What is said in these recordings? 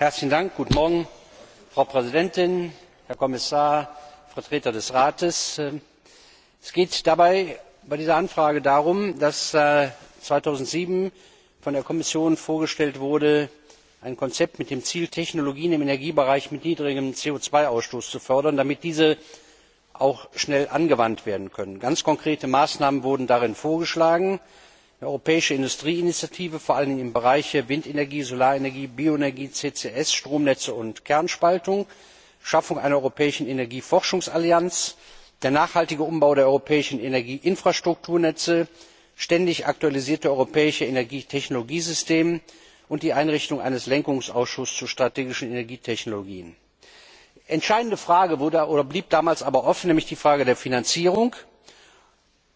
herzlichen dank guten morgen frau präsidentin herr kommissar vertreter des rates! es geht bei dieser anfrage darum dass zweitausendsieben von der kommission vorgestellt wurde ein konzept mit dem ziel technologien im energiebereich mit niedrigem co zwei ausstoß zu fördern damit diese auch schnell angewandt werden können. ganz konkrete maßnahmen wurden darin vorgeschlagen europäische industrieinitiative vor allem dingen im bereich windenergie solarenergie bioenergie ccs stromnetze und kernspaltung schaffung einer europäischen energieforschungsallianz der nachhaltige umbau der europäischen energieinfrastrukturnetze ständig aktualisierte europäische Energietechnologiesysteme und die einrichtung eines lenkungsausschusses zu strategischen energietechnologien. die entscheidende frage blieb damals aber offen nämlich die frage der finanzierung.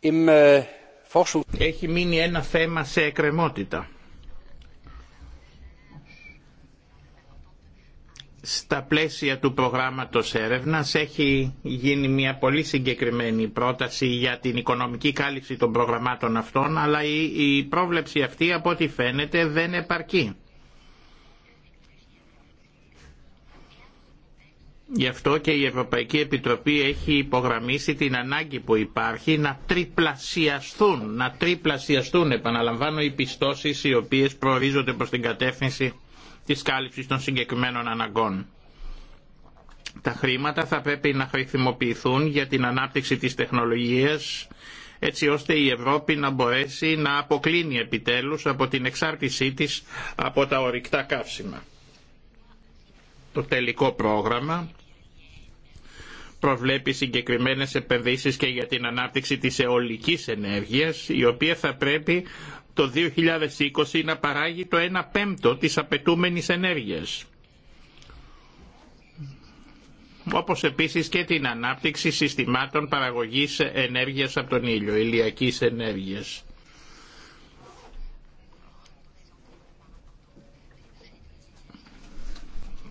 im έχει μείνει ένα θέμα σε εκκρεμότητα. Στα πλαίσια του προγράμματος έρευνας έχει γίνει μια πολύ συγκεκριμένη πρόταση για την οικονομική κάλυψη των προγραμμάτων αυτών, αλλά η, η πρόβλεψη αυτή από ό,τι φαίνεται δεν επαρκεί Γι' αυτό και η Ευρωπαϊκή Επιτροπή έχει υπογραμμίσει την ανάγκη που υπάρχει να τριπλασιαστούν, να τριπλασιαστούν, επαναλαμβάνω, οι πιστώσεις οι οποίες προορίζονται προς την κατεύθυνση της κάλυψης των συγκεκριμένων αναγκών. Τα χρήματα θα πρέπει να χρησιμοποιηθούν για την ανάπτυξη της τεχνολογίας έτσι ώστε η Ευρώπη να μπορέσει να αποκλίνει επιτέλους από την εξάρτησή της από τα ορυκτά καύσιμα. Το τελικό πρόγραμμα προβλέπει συγκεκριμένες επενδύσεις και για την ανάπτυξη της αιωλικής ενέργειας, η οποία θα πρέπει το 2020 να παράγει το 1 πέμπτο της απαιτούμενης ενέργειας. Όπως επίσης και την ανάπτυξη συστημάτων παραγωγής ενέργειας από τον ήλιο, ηλιακής ενέργειας.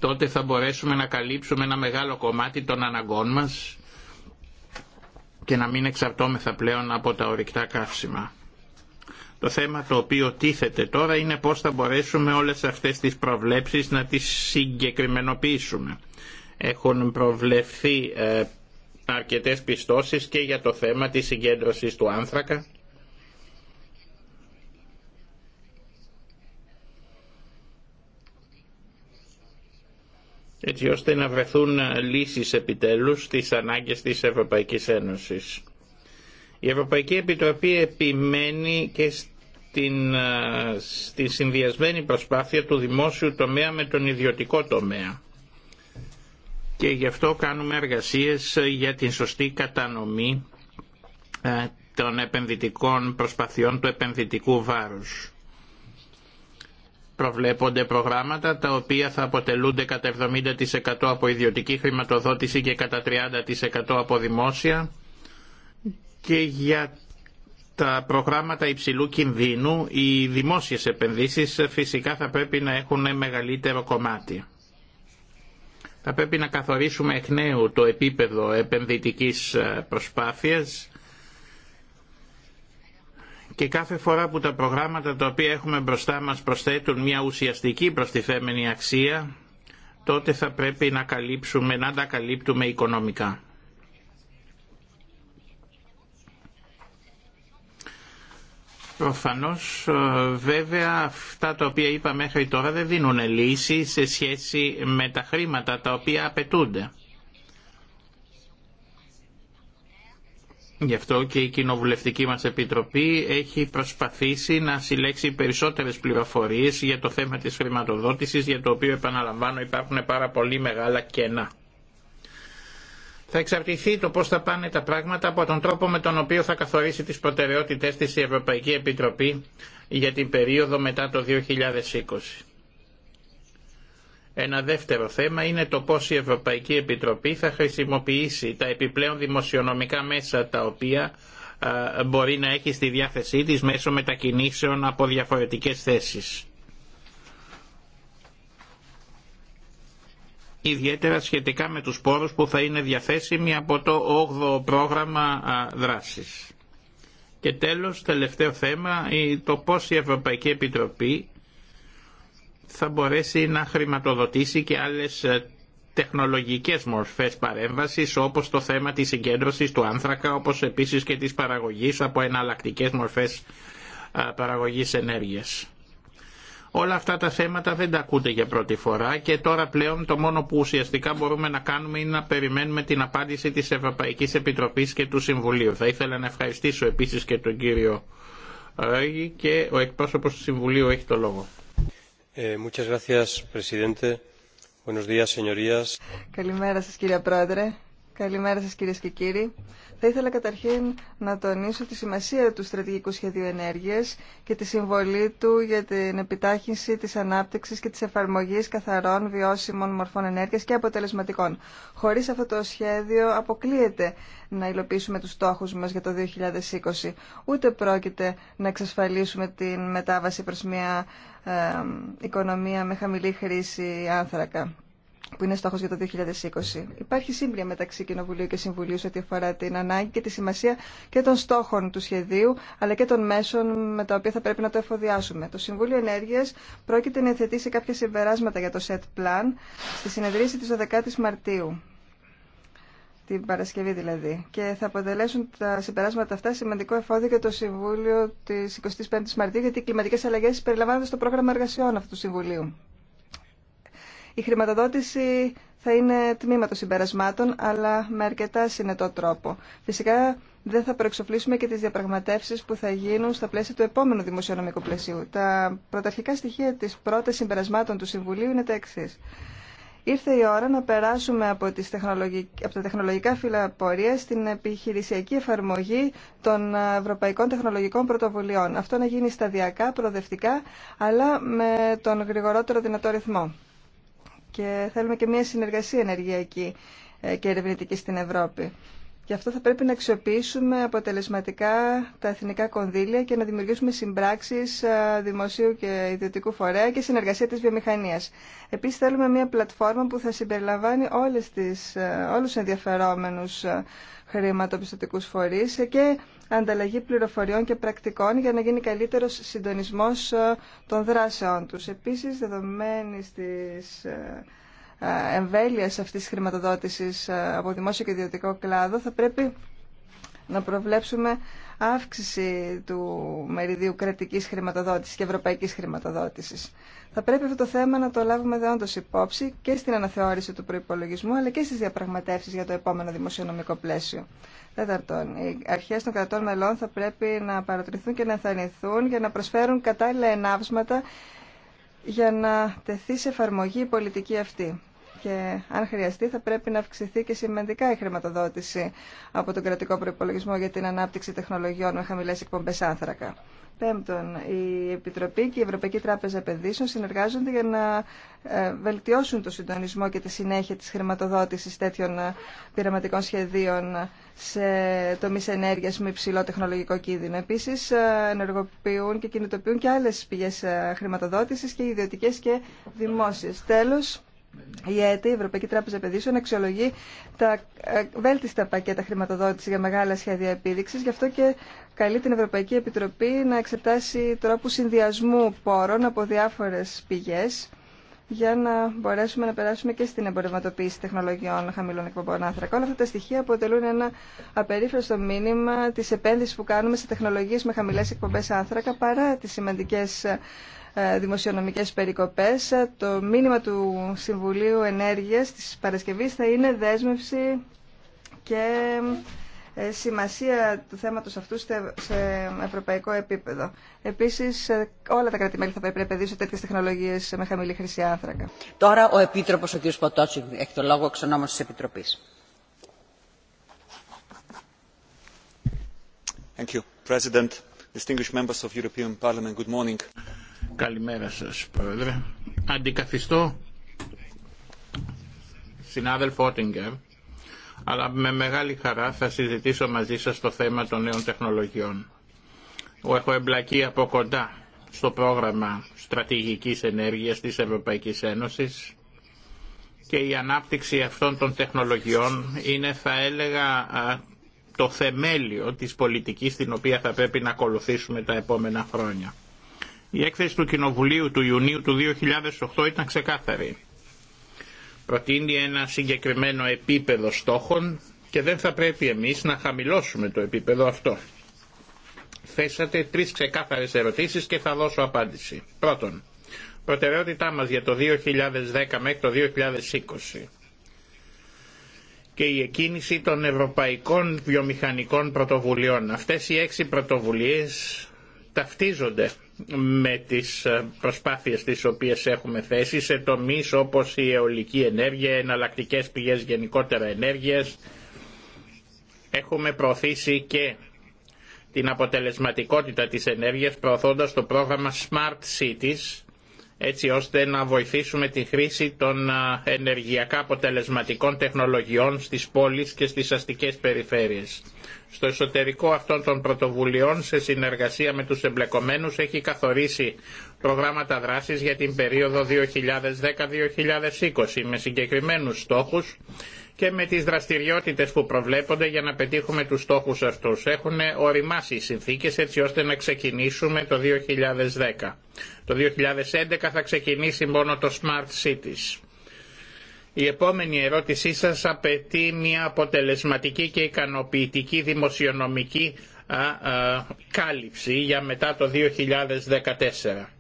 τότε θα μπορέσουμε να καλύψουμε ένα μεγάλο κομμάτι των αναγκών μας και να μην εξαρτώμεθα πλέον από τα ορυκτά καύσιμα. Το θέμα το οποίο τίθεται τώρα είναι πώς θα μπορέσουμε όλες αυτές τις προβλέψεις να τις συγκεκριμενοποιήσουμε. Έχουν προβλεφθεί ε, αρκετές πιστώσεις και για το θέμα της συγκέντρωσης του άνθρακα έτσι ώστε να βρεθούν ε, λύσεις επιτέλους στις ανάγκες της Ευρωπαϊκής Ένωσης. Η Ευρωπαϊκή Επιτροπή επιμένει και στην, ε, στη συνδυασμένη προσπάθεια του δημόσιου τομέα με τον ιδιωτικό τομέα και γι' αυτό κάνουμε εργασίες ε, για την σωστή κατανομή των επενδυτικών προσπαθειών του επενδυτικού βάρους προβλέπονται προγράμματα τα οποία θα αποτελούνται κατά 70% από ιδιωτική χρηματοδότηση και κατά 30% από δημόσια και για τα προγράμματα υψηλού κινδύνου οι δημόσιες επενδύσεις φυσικά θα πρέπει να έχουν μεγαλύτερο κομμάτι. Θα πρέπει να καθορίσουμε εκ νέου το επίπεδο επενδυτικής ε, προσπάθειας και κάθε φορά που τα προγράμματα τα οποία έχουμε μπροστά μας προσθέτουν μια ουσιαστική προστιθέμενη αξία, τότε θα πρέπει να, καλύψουμε, να τα καλύπτουμε οικονομικά. Προφανώς ε, βέβαια αυτά τα οποία είπα μέχρι τώρα δεν δίνουν λύση σε σχέση με τα χρήματα τα οποία απαιτούνται. Γι' αυτό και η κοινοβουλευτική μας επιτροπή έχει προσπαθήσει να συλλέξει περισσότερες πληροφορίες για το θέμα της χρηματοδότησης, για το οποίο επαναλαμβάνω υπάρχουν πάρα πολύ μεγάλα κενά. Θα εξαρτηθεί το πώς θα πάνε τα πράγματα από τον τρόπο με τον οποίο θα καθορίσει τις προτεραιότητες της η Ευρωπαϊκή Επιτροπή για την περίοδο μετά το 2020. Ένα δεύτερο θέμα είναι το πώς η Ευρωπαϊκή Επιτροπή θα χρησιμοποιήσει τα επιπλέον δημοσιονομικά μέσα τα οποία μπορεί να έχει στη διάθεσή της μέσω μετακινήσεων από διαφορετικές θέσεις. ιδιαίτερα σχετικά με τους πόρους που θα είναι διαθέσιμοι από το 8ο πρόγραμμα δράσης. Και τέλος, τελευταίο θέμα, το πώς η Ευρωπαϊκή Επιτροπή θα μπορέσει να χρηματοδοτήσει και άλλες ε, τεχνολογικές μορφές παρέμβασης όπως το θέμα της συγκέντρωσης του άνθρακα όπως επίσης και της παραγωγής από εναλλακτικές μορφές ε, παραγωγής ενέργειας. Όλα αυτά τα θέματα δεν τα ακούτε για πρώτη φορά και τώρα πλέον το μόνο που ουσιαστικά μπορούμε να κάνουμε είναι να περιμένουμε την απάντηση της Ευρωπαϊκής Επιτροπής και του Συμβουλίου. Θα ήθελα να ευχαριστήσω επίσης και τον κύριο Ρέγη και ο εκπρόσωπος του Συμβουλίου έχει το λόγο. Ε, Καλημέρα σας κύριε Πρόεδρε. Καλημέρα σας κυρίες και κύριοι. Θα ήθελα καταρχήν να τονίσω τη σημασία του στρατηγικού σχεδίου ενέργειας και τη συμβολή του για την επιτάχυνση της ανάπτυξης και της εφαρμογής καθαρών βιώσιμων μορφών ενέργειας και αποτελεσματικών. Χωρίς αυτό το σχέδιο αποκλείεται να υλοποιήσουμε τους στόχους μας για το 2020. Ούτε πρόκειται να εξασφαλίσουμε την μετάβαση προς μια οικονομία με χαμηλή χρήση άνθρακα που είναι στόχος για το 2020. Υπάρχει σύμπρια μεταξύ Κοινοβουλίου και Συμβουλίου σε ό,τι αφορά την ανάγκη και τη σημασία και των στόχων του σχεδίου, αλλά και των μέσων με τα οποία θα πρέπει να το εφοδιάσουμε. Το Συμβούλιο Ενέργεια πρόκειται να εθετήσει κάποια συμπεράσματα για το SET Plan στη συνεδρίαση τη 12 η Μαρτίου την Παρασκευή δηλαδή. Και θα αποτελέσουν τα συμπεράσματα αυτά σημαντικό εφόδιο για το Συμβούλιο τη 25η Μαρτίου, γιατί οι κλιματικέ αλλαγέ περιλαμβάνονται στο πρόγραμμα εργασιών αυτού του Συμβουλίου. Η χρηματοδότηση θα είναι τμήμα των συμπερασμάτων, αλλά με αρκετά συνετό τρόπο. Φυσικά δεν θα προεξοφλήσουμε και τις διαπραγματεύσεις που θα γίνουν στα πλαίσια του επόμενου δημοσιονομικού πλαισίου. Τα πρωταρχικά στοιχεία της πρώτης συμπερασμάτων του Συμβουλίου είναι τα εξή. Ήρθε η ώρα να περάσουμε από, τις από τα τεχνολογικά φύλλα στην επιχειρησιακή εφαρμογή των ευρωπαϊκών τεχνολογικών πρωτοβουλειών. Αυτό να γίνει σταδιακά, προοδευτικά, αλλά με τον γρηγορότερο δυνατό ρυθμό και θέλουμε και μια συνεργασία ενεργειακή ε, και ερευνητική στην Ευρώπη. Γι' αυτό θα πρέπει να αξιοποιήσουμε αποτελεσματικά τα εθνικά κονδύλια και να δημιουργήσουμε συμπράξεις ε, δημοσίου και ιδιωτικού φορέα και συνεργασία της βιομηχανίας. Επίσης θέλουμε μια πλατφόρμα που θα συμπεριλαμβάνει όλες τις, ε, όλους τους ενδιαφερόμενους Χρηματοπιστωτικού φορείς και ανταλλαγή πληροφοριών και πρακτικών για να γίνει καλύτερος συντονισμός ε, των δράσεών τους. Επίσης, δεδομένη της ε, ε, εμβέλεια αυτής τη χρηματοδότησης από δημόσιο και ιδιωτικό κλάδο, θα πρέπει να προβλέψουμε αύξηση του μεριδίου κρατικής χρηματοδότησης και ευρωπαϊκής χρηματοδότησης. Θα πρέπει αυτό το θέμα να το λάβουμε δεόντως υπόψη και στην αναθεώρηση του προϋπολογισμού αλλά και στις διαπραγματεύσεις για το επόμενο δημοσιονομικό πλαίσιο. Τέταρτον, οι αρχές των κρατών μελών θα πρέπει να παρατηρηθούν και να ενθαρρυνθούν για να προσφέρουν κατάλληλα ενάψματα για να τεθεί σε εφαρμογή η πολιτική αυτή και αν χρειαστεί θα πρέπει να αυξηθεί και σημαντικά η χρηματοδότηση από τον κρατικό προπολογισμό για την ανάπτυξη τεχνολογιών με χαμηλές εκπομπές άνθρακα. Πέμπτον, η Επιτροπή και η Ευρωπαϊκή Τράπεζα Επενδύσεων συνεργάζονται για να ε, βελτιώσουν το συντονισμό και τη συνέχεια της χρηματοδότησης τέτοιων ε, πειραματικών σχεδίων σε τομείς ενέργειας με υψηλό τεχνολογικό κίνδυνο. Επίσης, ε, ενεργοποιούν και κινητοποιούν και άλλες πηγές χρηματοδότησης και ιδιωτικές και δημόσιες. Τέλος, η ΕΕ, η Ευρωπαϊκή Τράπεζα Επενδύσεων, αξιολογεί τα ε, βέλτιστα πακέτα χρηματοδότηση για μεγάλα σχέδια επίδειξη. Γι' αυτό και καλεί την Ευρωπαϊκή Επιτροπή να εξετάσει τρόπου συνδυασμού πόρων από διάφορε πηγέ για να μπορέσουμε να περάσουμε και στην εμπορευματοποίηση τεχνολογιών χαμηλών εκπομπών άνθρακα. Όλα αυτά τα στοιχεία αποτελούν ένα απερίφραστο μήνυμα τη επένδυση που κάνουμε σε τεχνολογίε με χαμηλέ εκπομπέ άνθρακα παρά τι σημαντικέ ε, ε, δημοσιονομικές περικοπές. Ε, το μήνυμα του Συμβουλίου Ενέργειας της Παρασκευής θα είναι δέσμευση και ε, σημασία του θέματος αυτού σε ευρωπαϊκό επίπεδο. Επίσης, όλα τα κρατη θα πρέπει να επενδύσουν τέτοιες τεχνολογίες με χαμηλή χρυσή άνθρακα. Τώρα ο Επίτροπος, ο κ. Ποτότσικ, έχει το λόγο εξ της Επιτροπής. Thank you, President. Distinguished members of European Parliament, Καλημέρα σας, Πρόεδρε. Αντικαθιστώ συνάδελφο Ότιγκερ, αλλά με μεγάλη χαρά θα συζητήσω μαζί σας το θέμα των νέων τεχνολογιών. Έχω εμπλακεί από κοντά στο πρόγραμμα στρατηγικής ενέργειας της Ευρωπαϊκής Ένωσης και η ανάπτυξη αυτών των τεχνολογιών είναι θα έλεγα το θεμέλιο της πολιτικής την οποία θα πρέπει να ακολουθήσουμε τα επόμενα χρόνια. Η έκθεση του Κοινοβουλίου του Ιουνίου του 2008 ήταν ξεκάθαρη. Προτείνει ένα συγκεκριμένο επίπεδο στόχων και δεν θα πρέπει εμείς να χαμηλώσουμε το επίπεδο αυτό. Θέσατε τρεις ξεκάθαρες ερωτήσεις και θα δώσω απάντηση. Πρώτον, προτεραιότητά μας για το 2010 μέχρι το 2020 και η εκκίνηση των ευρωπαϊκών βιομηχανικών πρωτοβουλειών. Αυτές οι έξι πρωτοβουλίες ταυτίζονται με τις ε, προσπάθειες τις οποίες έχουμε θέσει σε τομείς όπως η αιωλική ενέργεια, εναλλακτικέ πηγές γενικότερα ενέργειας. Έχουμε προωθήσει και την αποτελεσματικότητα της ενέργειας προωθώντας το πρόγραμμα Smart Cities έτσι ώστε να βοηθήσουμε τη χρήση των ενεργειακά αποτελεσματικών τεχνολογιών στις πόλεις και στις αστικές περιφέρειες. Στο εσωτερικό αυτών των πρωτοβουλειών, σε συνεργασία με τους εμπλεκομένους, έχει καθορίσει προγράμματα δράσης για την περίοδο 2010-2020 με συγκεκριμένους στόχους και με τις δραστηριότητες που προβλέπονται για να πετύχουμε τους στόχους αυτούς. Έχουν οριμάσει οι συνθήκες έτσι ώστε να ξεκινήσουμε το 2010. Το 2011 θα ξεκινήσει μόνο το Smart Cities. Η επόμενη ερώτησή σας απαιτεί μια αποτελεσματική και ικανοποιητική δημοσιονομική κάλυψη για μετά το 2014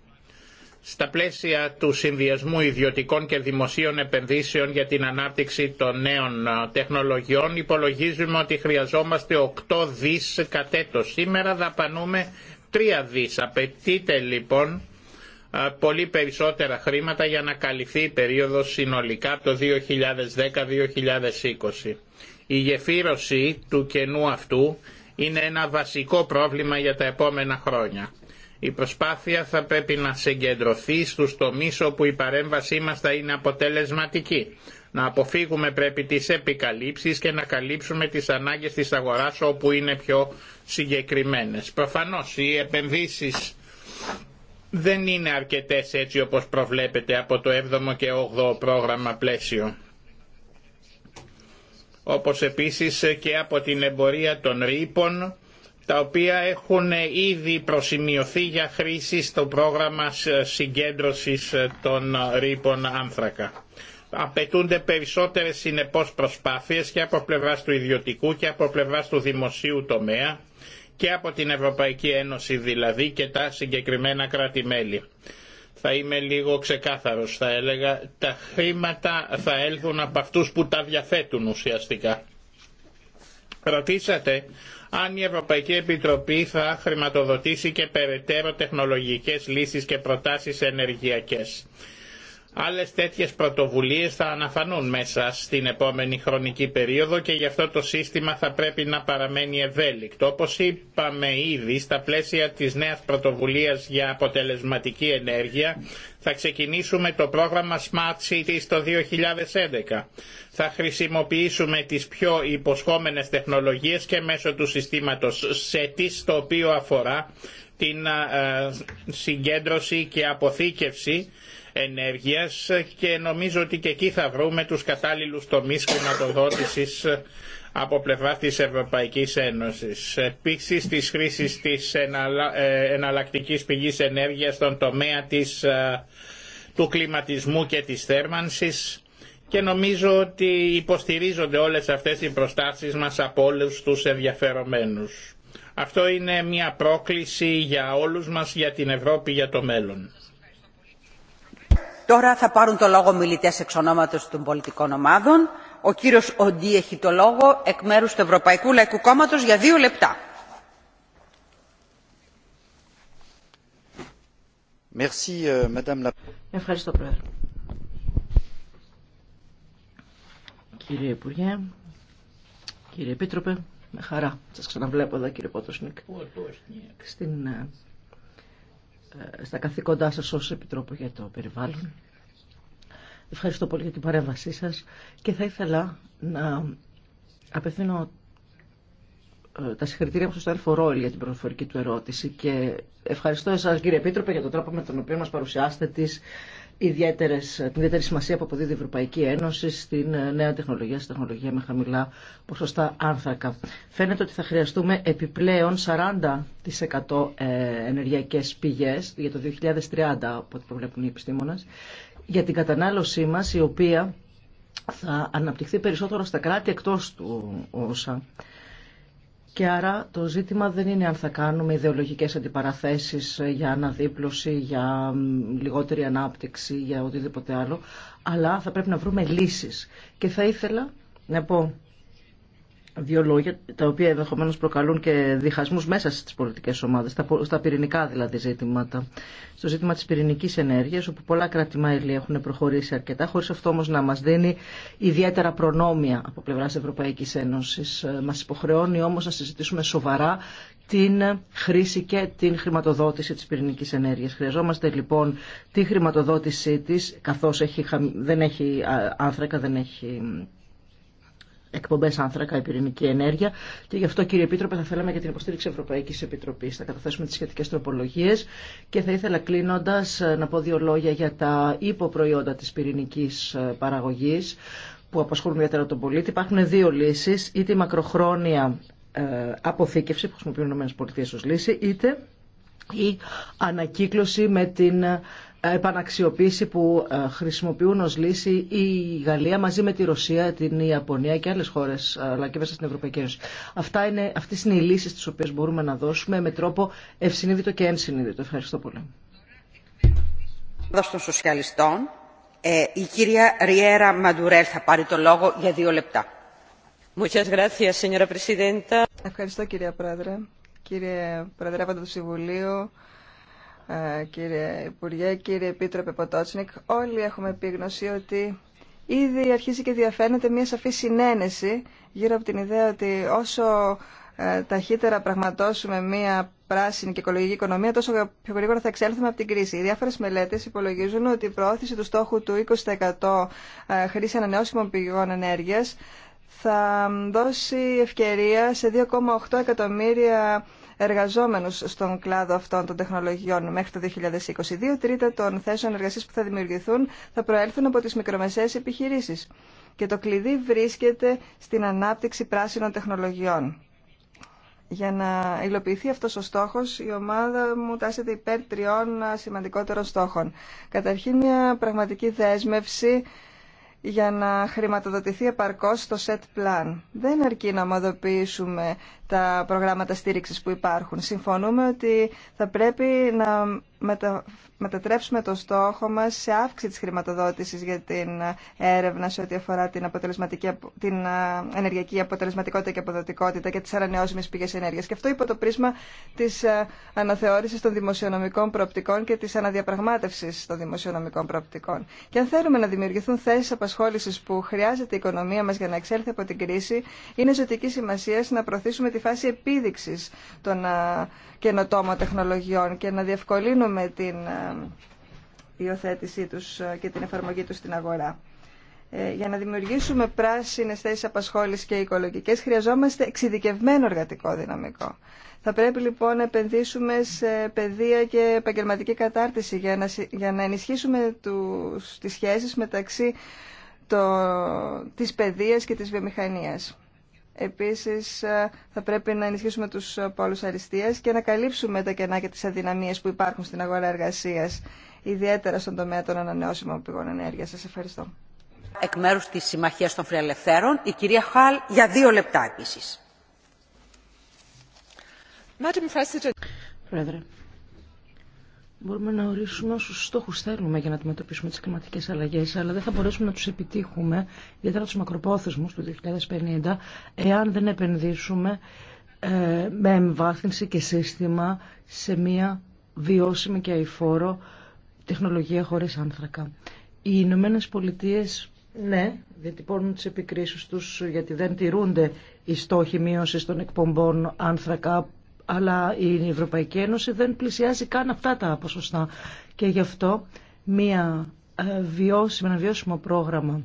στα πλαίσια του συνδυασμού ιδιωτικών και δημοσίων επενδύσεων για την ανάπτυξη των νέων τεχνολογιών υπολογίζουμε ότι χρειαζόμαστε 8 δις κατ' Σήμερα δαπανούμε 3 δις. Απαιτείται λοιπόν πολύ περισσότερα χρήματα για να καλυφθεί η περίοδος συνολικά το 2010-2020. Η γεφύρωση του κενού αυτού είναι ένα βασικό πρόβλημα για τα επόμενα χρόνια η προσπάθεια θα πρέπει να συγκεντρωθεί στους τομείς όπου η παρέμβασή μας θα είναι αποτελεσματική. Να αποφύγουμε πρέπει τις επικαλύψεις και να καλύψουμε τις ανάγκες της αγοράς όπου είναι πιο συγκεκριμένες. Προφανώς οι επενδύσεις δεν είναι αρκετές έτσι όπως προβλέπεται από το 7ο και 8ο πρόγραμμα πλαίσιο. Όπως επίσης και από την εμπορία των ρήπων τα οποία έχουν ήδη προσημειωθεί για χρήση στο πρόγραμμα συγκέντρωσης ε, των ε, ρήπων άνθρακα. Απαιτούνται περισσότερες συνεπώς προσπάθειες και από πλευράς του ιδιωτικού και από πλευράς του δημοσίου τομέα και από την Ευρωπαϊκή Ένωση δηλαδή και τα συγκεκριμένα κράτη-μέλη. Θα είμαι λίγο ξεκάθαρος θα έλεγα, τα χρήματα θα έλθουν από αυτούς που τα διαθέτουν ουσιαστικά Ρωτήσατε αν η Ευρωπαϊκή Επιτροπή θα χρηματοδοτήσει και περαιτέρω τεχνολογικές λύσεις και προτάσεις ενεργειακές. Άλλες τέτοιες πρωτοβουλίες θα αναφανούν μέσα στην επόμενη χρονική περίοδο και γι' αυτό το σύστημα θα πρέπει να παραμένει ευέλικτο. Όπως είπαμε ήδη, στα πλαίσια της νέας πρωτοβουλίας για αποτελεσματική ενέργεια θα ξεκινήσουμε το πρόγραμμα Smart City το 2011. Θα χρησιμοποιήσουμε τις πιο υποσχόμενες τεχνολογίες και μέσω του συστήματος SETIS, το οποίο αφορά την ε, συγκέντρωση και αποθήκευση ενέργειας και νομίζω ότι και εκεί θα βρούμε τους κατάλληλους τομείς χρηματοδότησης από πλευρά της Ευρωπαϊκής Ένωσης. Επίσης της χρήσης της ε, εναλλακτικής πηγής ενέργειας στον τομέα της, ε, του κλιματισμού και της θέρμανσης και νομίζω ότι υποστηρίζονται όλες αυτές οι προστάσεις μας από όλους τους ενδιαφερομένους. Αυτό είναι μια πρόκληση για όλους μας, για την Ευρώπη, για το μέλλον. Τώρα θα πάρουν το λόγο μιλητέ εξ ονόματος των πολιτικών ομάδων. Ο κύριος Οντί έχει το λόγο εκ μέρου του Ευρωπαϊκού Λαϊκού Κόμματος για δύο λεπτά. Euh, Ευχαριστώ, Πρόεδρε. Κύριε Υπουργέ, κύριε Επίτροπε, με χαρά σας ξαναβλέπω εδώ, κύριε Πότοσνικ, στην ε, ε, στα καθήκοντά σας ως επιτρόπου για το Περιβάλλον. Ευχαριστώ πολύ για την παρέμβασή σας και θα ήθελα να απευθύνω ε, τα συγχαρητήρια μου στον Στέλφο Ρόιλ για την προφορική του ερώτηση και ευχαριστώ εσάς κύριε Επίτροπε για τον τρόπο με τον οποίο μας παρουσιάσετε τις την ιδιαίτερη σημασία που αποδίδει η Ευρωπαϊκή Ένωση στην ε, νέα τεχνολογία, στην τεχνολογία με χαμηλά ποσοστά άνθρακα. Φαίνεται ότι θα χρειαστούμε επιπλέον 40% ε, ενεργειακές πηγές για το 2030, από ό,τι προβλέπουν οι επιστήμονες, για την κατανάλωσή μας, η οποία θα αναπτυχθεί περισσότερο στα κράτη εκτός του ΩΣΑ. Και άρα το ζήτημα δεν είναι αν θα κάνουμε ιδεολογικές αντιπαραθέσεις για αναδίπλωση, για λιγότερη ανάπτυξη, για οτιδήποτε άλλο, αλλά θα πρέπει να βρούμε λύσεις. Και θα ήθελα να πω δύο λόγια τα οποία ενδεχομένω προκαλούν και διχασμούς μέσα στις πολιτικές ομάδες, στα πυρηνικά δηλαδή ζήτηματα. Στο ζήτημα της πυρηνικής ενέργειας, όπου πολλά κράτη-μέλη έχουν προχωρήσει αρκετά, χωρίς αυτό όμως να μας δίνει ιδιαίτερα προνόμια από πλευράς Ευρωπαϊκής Ένωσης. Ε, μας υποχρεώνει όμως να συζητήσουμε σοβαρά την χρήση και την χρηματοδότηση της πυρηνικής ενέργειας. Χρειαζόμαστε λοιπόν τη χρηματοδότησή της, καθώς έχει, δεν έχει άνθρακα, δεν έχει εκπομπέ άνθρακα, η πυρηνική ενέργεια. Και γι' αυτό, κύριε Επίτροπε, θα θέλαμε και την υποστήριξη Ευρωπαϊκή Επιτροπή. Θα καταθέσουμε τι σχετικέ τροπολογίε και θα ήθελα κλείνοντα να πω δύο λόγια για τα υποπροϊόντα τη πυρηνική ε, παραγωγή που απασχολούν ιδιαίτερα τον πολίτη. Υπάρχουν δύο λύσει, είτε η μακροχρόνια ε, αποθήκευση που χρησιμοποιούν οι ΗΠΑ ω λύση, είτε η ανακύκλωση με την επαναξιοποίηση που ε, χρησιμοποιούν ως λύση η Γαλλία μαζί με τη Ρωσία, την Ιαπωνία και άλλες χώρες ε, αλλά και μέσα στην Ευρωπαϊκή Ένωση. Αυτά είναι, αυτές είναι οι λύσεις τις οποίες μπορούμε να δώσουμε με τρόπο ευσυνείδητο και ενσυνείδητο. Ευχαριστώ πολύ. Των σοσιαλιστών, ε, η κυρία Ριέρα Μαντουρέλ θα πάρει το λόγο για δύο λεπτά. Ευχαριστώ κυρία Πρόεδρε. Κύριε Προεδρεύοντα του Συμβουλίου, ε, κύριε Υπουργέ, κύριε Επίτροπε Ποτότσνικ. Όλοι έχουμε επίγνωση ότι ήδη αρχίζει και διαφαίνεται μια σαφή συνένεση γύρω από την ιδέα ότι όσο ε, ταχύτερα πραγματώσουμε μια πράσινη και οικολογική οικονομία, τόσο πιο γρήγορα θα εξέλθουμε από την κρίση. Οι διάφορε μελέτε υπολογίζουν ότι η προώθηση του στόχου του 20% ε, χρήση ανανεώσιμων πηγών ενέργεια θα δώσει ευκαιρία σε 2,8 εκατομμύρια εργαζόμενους στον κλάδο αυτών των τεχνολογιών μέχρι το 2022. τρίτα των θέσεων εργασίας που θα δημιουργηθούν θα προέλθουν από τις μικρομεσαίες επιχειρήσεις. Και το κλειδί βρίσκεται στην ανάπτυξη πράσινων τεχνολογιών. Για να υλοποιηθεί αυτός ο στόχος, η ομάδα μου τάσεται υπέρ τριών σημαντικότερων στόχων. Καταρχήν μια πραγματική δέσμευση για να χρηματοδοτηθεί επαρκώς το set plan. Δεν αρκεί να ομοδοποιήσουμε τα προγράμματα στήριξης που υπάρχουν. Συμφωνούμε ότι θα πρέπει να μεταφέρουμε μετατρέψουμε το στόχο μας σε αύξηση της χρηματοδότησης για την έρευνα σε ό,τι αφορά την, αποτελεσματική, την ενεργειακή αποτελεσματικότητα και αποδοτικότητα και τις ανανεώσιμες πηγές ενέργειας. Και αυτό υπό το πρίσμα της αναθεώρησης των δημοσιονομικών προοπτικών και της αναδιαπραγμάτευσης των δημοσιονομικών προοπτικών. Και αν θέλουμε να δημιουργηθούν θέσεις απασχόλησης που χρειάζεται η οικονομία μας για να εξέλθει από την κρίση, είναι ζωτική σημασία να προωθήσουμε τη φάση επίδειξης των καινοτόμων τεχνολογιών και να διευκολύνουμε την υιοθέτησή τους ε, και την εφαρμογή τους στην αγορά. Ε, για να δημιουργήσουμε πράσινες θέσεις απασχόλησης και οικολογικές χρειαζόμαστε εξειδικευμένο εργατικό δυναμικό. Θα πρέπει λοιπόν να επενδύσουμε σε παιδεία και επαγγελματική κατάρτιση για να, για να ενισχύσουμε τους, τις σχέσεις μεταξύ το, της παιδείας και της βιομηχανίας. Επίσης ε, θα πρέπει να ενισχύσουμε τους ε, πόλους αριστείας και να καλύψουμε τα κενά και τις αδυναμίες που υπάρχουν στην αγορά εργασίας, ιδιαίτερα στον τομέα των ανανεώσιμων πηγών ενέργειας. Σας ευχαριστώ. Εκ μέρους της Συμμαχίας των Φιλελευθέρων, η κυρία Χαλ για δύο λεπτά επίσης. Πρόεδρε, Μπορούμε να ορίσουμε όσου στόχου θέλουμε για να αντιμετωπίσουμε τι κλιματικέ αλλαγέ, αλλά δεν θα μπορέσουμε να του επιτύχουμε, ιδιαίτερα του μακροπρόθεσμου του 2050, εάν δεν επενδύσουμε ε, με εμβάθυνση και σύστημα σε μια βιώσιμη και αηφόρο τεχνολογία χωρί άνθρακα. Οι Ηνωμένε Πολιτείε, ναι, διατυπώνουν τι επικρίσεις του, γιατί δεν τηρούνται οι στόχοι μείωση των εκπομπών άνθρακα αλλά η Ευρωπαϊκή Ένωση δεν πλησιάζει καν αυτά τα ποσοστά. Και γι' αυτό μια ε, βιώσιμο, ένα βιώσιμο πρόγραμμα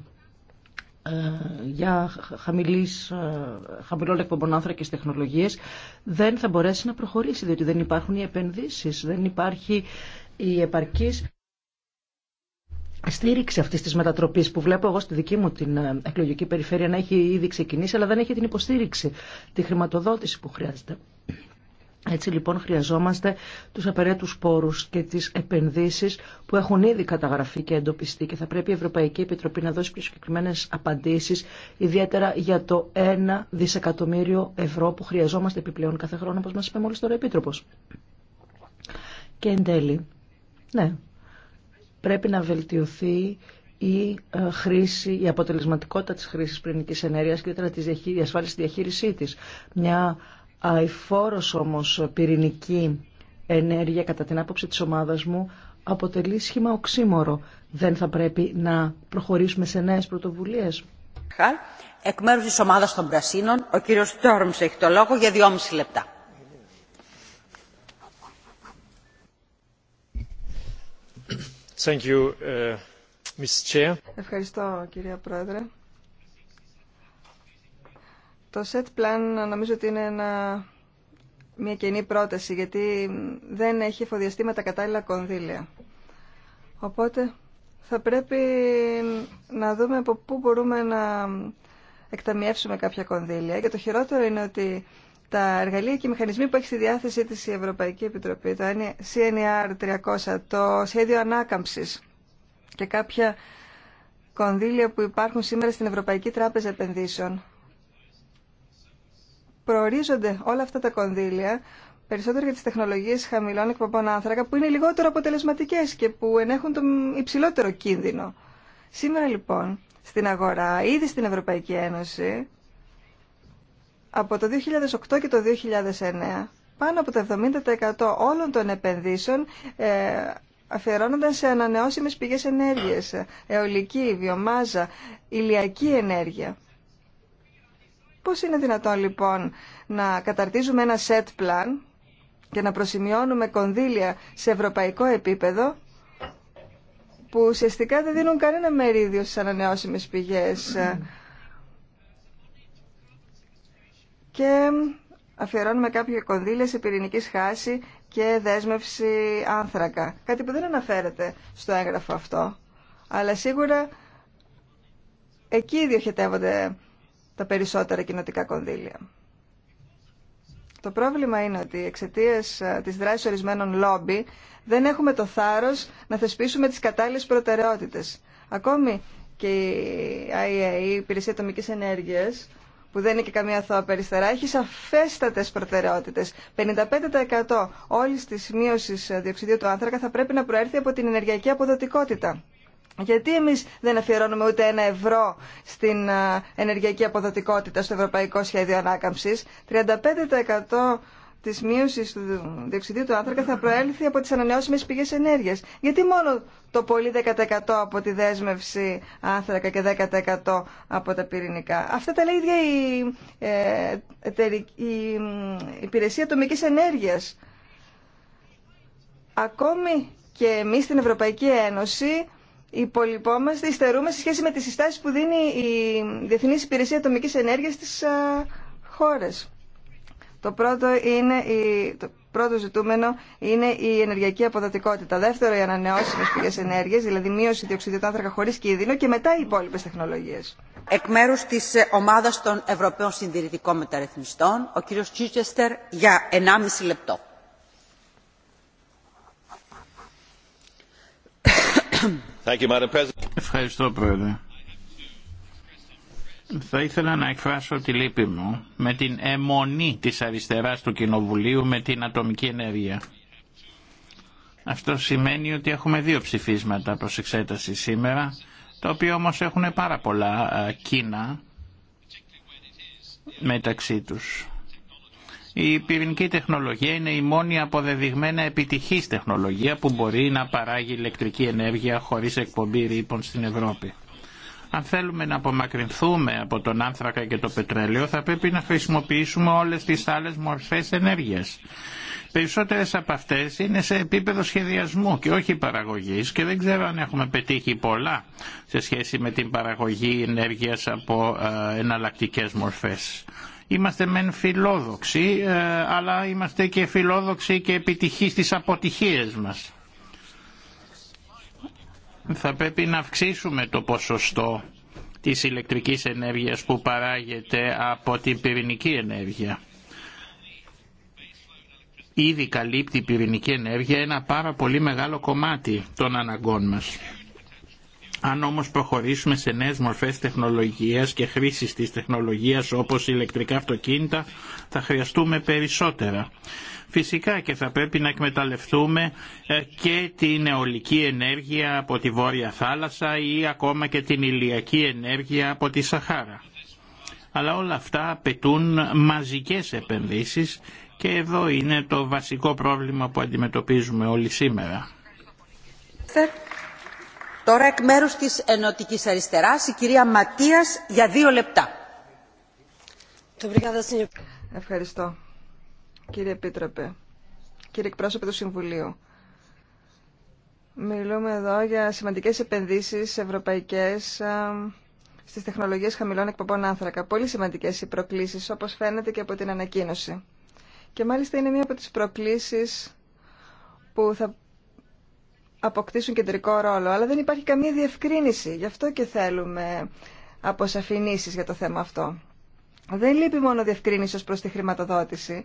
ε, για χαμηλής, ε, χαμηλών εκπομπών άνθρακες τεχνολογίες δεν θα μπορέσει να προχωρήσει διότι δεν υπάρχουν οι επενδύσεις, δεν υπάρχει η επαρκής στήριξη αυτής της μετατροπής που βλέπω εγώ στη δική μου την εκλογική περιφέρεια να έχει ήδη ξεκινήσει αλλά δεν έχει την υποστήριξη, τη χρηματοδότηση που χρειάζεται. Έτσι λοιπόν χρειαζόμαστε τους απαραίτητους πόρους και τις επενδύσεις που έχουν ήδη καταγραφεί και εντοπιστεί και θα πρέπει η Ευρωπαϊκή Επιτροπή να δώσει πιο συγκεκριμένε απαντήσεις ιδιαίτερα για το 1 δισεκατομμύριο ευρώ που χρειαζόμαστε επιπλέον κάθε χρόνο όπως μας είπε μόλις τώρα ο Επίτροπος. Και εν τέλει, ναι, πρέπει να βελτιωθεί η ε, χρήση, η αποτελεσματικότητα της χρήσης πυρηνικής ενέργειας και ιδιαίτερα τη διασφάλιση διαχείρισή της. Μια αηφόρος όμως πυρηνική ενέργεια κατά την άποψη της ομάδας μου αποτελεί σχήμα οξύμορο. Δεν θα πρέπει να προχωρήσουμε σε νέες πρωτοβουλίες. Εκ μέρους της ομάδας των Πρασίνων, ο κύριος Τόρμς έχει το λόγο για δυόμιση λεπτά. Thank you, uh, Chair. Ευχαριστώ κυρία Πρόεδρε. Το set plan νομίζω ότι είναι μια καινή πρόταση γιατί δεν έχει εφοδιαστεί με τα κατάλληλα κονδύλια. Οπότε θα πρέπει να δούμε από πού μπορούμε να εκταμιεύσουμε κάποια κονδύλια. Και το χειρότερο είναι ότι τα εργαλεία και οι μηχανισμοί που έχει στη διάθεσή της η Ευρωπαϊκή Επιτροπή, το CNR e 300, το σχέδιο ανάκαμψης και κάποια κονδύλια που υπάρχουν σήμερα στην Ευρωπαϊκή Τράπεζα Επενδύσεων, προορίζονται όλα αυτά τα κονδύλια περισσότερο για τις τεχνολογίες χαμηλών εκπομπών άνθρακα που είναι λιγότερο αποτελεσματικές και που ενέχουν τον υψηλότερο κίνδυνο. Σήμερα λοιπόν στην αγορά, ήδη στην Ευρωπαϊκή Ένωση, από το 2008 και το 2009, πάνω από το 70% όλων των επενδύσεων ε, αφιερώνονταν σε ανανεώσιμες πηγές ενέργειας, ε, αιωλική, βιομάζα, ηλιακή ενέργεια. Πώς είναι δυνατόν λοιπόν να καταρτίζουμε ένα set plan και να προσημειώνουμε κονδύλια σε ευρωπαϊκό επίπεδο που ουσιαστικά δεν δίνουν κανένα μερίδιο στις ανανεώσιμες πηγές και αφιερώνουμε κάποια κονδύλια σε πυρηνική σχάση και δέσμευση άνθρακα. Κάτι που δεν αναφέρεται στο έγγραφο αυτό. Αλλά σίγουρα εκεί διοχετεύονται τα περισσότερα κοινοτικά κονδύλια. Το πρόβλημα είναι ότι εξαιτία ε, τη δράση ορισμένων λόμπι δεν έχουμε το θάρρο να θεσπίσουμε τι κατάλληλε προτεραιότητε. Ακόμη και η IA, η Υπηρεσία Ατομική Ενέργεια, που δεν είναι και καμία θόα περιστερά, έχει σαφέστατε προτεραιότητε. 55% όλη τη μείωση ε, διοξιδίου του άνθρακα θα πρέπει να προέρθει από την ενεργειακή αποδοτικότητα. Γιατί εμείς δεν αφιερώνουμε ούτε ένα ευρώ στην ενεργειακή αποδοτικότητα στο Ευρωπαϊκό Σχέδιο ανάκαμψη. 35% της μείωση του διοξιδίου του άνθρακα θα προέλθει από τις ανανεώσιμες πηγές ενέργειας. Γιατί μόνο το πολύ 10% από τη δέσμευση άνθρακα και 10% από τα πυρηνικά. Αυτά τα λέει ίδια η, ε, η Υπηρεσία ατομική Ενέργειας. Ακόμη και εμείς στην Ευρωπαϊκή Ένωση υπολοιπόμαστε, υστερούμε σε σχέση με τις συστάσεις που δίνει η Διεθνής Υπηρεσία Ατομικής Ενέργειας στις χώρες. Το πρώτο, είναι, το πρώτο ζητούμενο είναι η ενεργειακή αποδοτικότητα. Δεύτερο, οι ανανεώσιμε πηγέ ενέργεια, δηλαδή μείωση διοξιδίου του άνθρακα χωρί κίνδυνο και μετά οι υπόλοιπε τεχνολογίε. Εκ μέρου τη ε, ομάδα των Ευρωπαίων Συντηρητικών Μεταρρυθμιστών, ο κύριο Τσίτσεστερ για 1,5 λεπτό. Ευχαριστώ Πρόεδρε. Θα ήθελα να εκφράσω τη λύπη μου με την αιμονή της αριστεράς του Κοινοβουλίου με την ατομική ενέργεια. Αυτό σημαίνει ότι έχουμε δύο ψηφίσματα προς εξέταση σήμερα, τα οποία όμως έχουν πάρα πολλά κίνα μεταξύ τους. Η πυρηνική τεχνολογία είναι η μόνη αποδεδειγμένα επιτυχής τεχνολογία που μπορεί να παράγει ηλεκτρική ενέργεια χωρίς εκπομπή ρήπων στην Ευρώπη. Αν θέλουμε να απομακρυνθούμε από τον άνθρακα και το πετρέλαιο θα πρέπει να χρησιμοποιήσουμε όλες τις άλλες μορφές ενέργειας. Περισσότερες από αυτές είναι σε επίπεδο σχεδιασμού και όχι παραγωγής και δεν ξέρω αν έχουμε πετύχει πολλά σε σχέση με την παραγωγή ενέργειας από ε, εναλλακτικές μορφές. Είμαστε μεν φιλόδοξοι, ε, αλλά είμαστε και φιλόδοξοι και επιτυχείς στις αποτυχίες μας. Θα πρέπει να αυξήσουμε το ποσοστό της ηλεκτρικής ενέργειας που παράγεται από την πυρηνική ενέργεια. Ήδη καλύπτει η πυρηνική ενέργεια ένα πάρα πολύ μεγάλο κομμάτι των αναγκών μας. Αν όμως προχωρήσουμε σε νέες μορφές τεχνολογίας και χρήσης της τεχνολογίας όπως ηλεκτρικά αυτοκίνητα θα χρειαστούμε περισσότερα. Φυσικά και θα πρέπει να εκμεταλλευτούμε ε, και την αιωλική ενέργεια από τη Βόρεια Θάλασσα ή ακόμα και την ηλιακή ενέργεια από τη Σαχάρα. Αλλά όλα αυτά απαιτούν μαζικές επενδύσεις και εδώ είναι το βασικό πρόβλημα που αντιμετωπίζουμε όλοι σήμερα. Τώρα εκ μέρους της Ενωτικής Αριστεράς η κυρία Ματίας για δύο λεπτά. Ευχαριστώ. Κύριε Επίτροπε, κύριε εκπρόσωπε του Συμβουλίου, μιλούμε εδώ για σημαντικές επενδύσεις ευρωπαϊκές στις τεχνολογίες χαμηλών εκπομπών άνθρακα. Πολύ σημαντικές οι προκλήσεις, όπως φαίνεται και από την ανακοίνωση. Και μάλιστα είναι μία από τις προκλήσεις που θα αποκτήσουν κεντρικό ρόλο, αλλά δεν υπάρχει καμία διευκρίνηση. Γι' αυτό και θέλουμε αποσαφηνήσεις για το θέμα αυτό. Δεν λείπει μόνο διευκρίνηση ως προς τη χρηματοδότηση,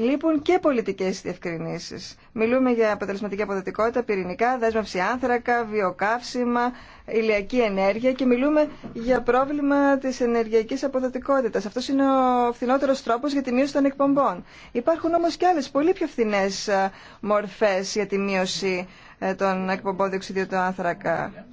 λείπουν και πολιτικέ διευκρινήσει. Μιλούμε για αποτελεσματική αποδοτικότητα, πυρηνικά, δέσμευση άνθρακα, βιοκαύσιμα, ηλιακή ενέργεια και μιλούμε για πρόβλημα τη ενεργειακή αποδοτικότητα. Αυτό είναι ο φθηνότερο τρόπο για τη μείωση των εκπομπών. Υπάρχουν όμω και άλλε πολύ πιο φθηνέ ε, μορφέ για τη μείωση ε, των εκπομπών διοξιδίου του άνθρακα.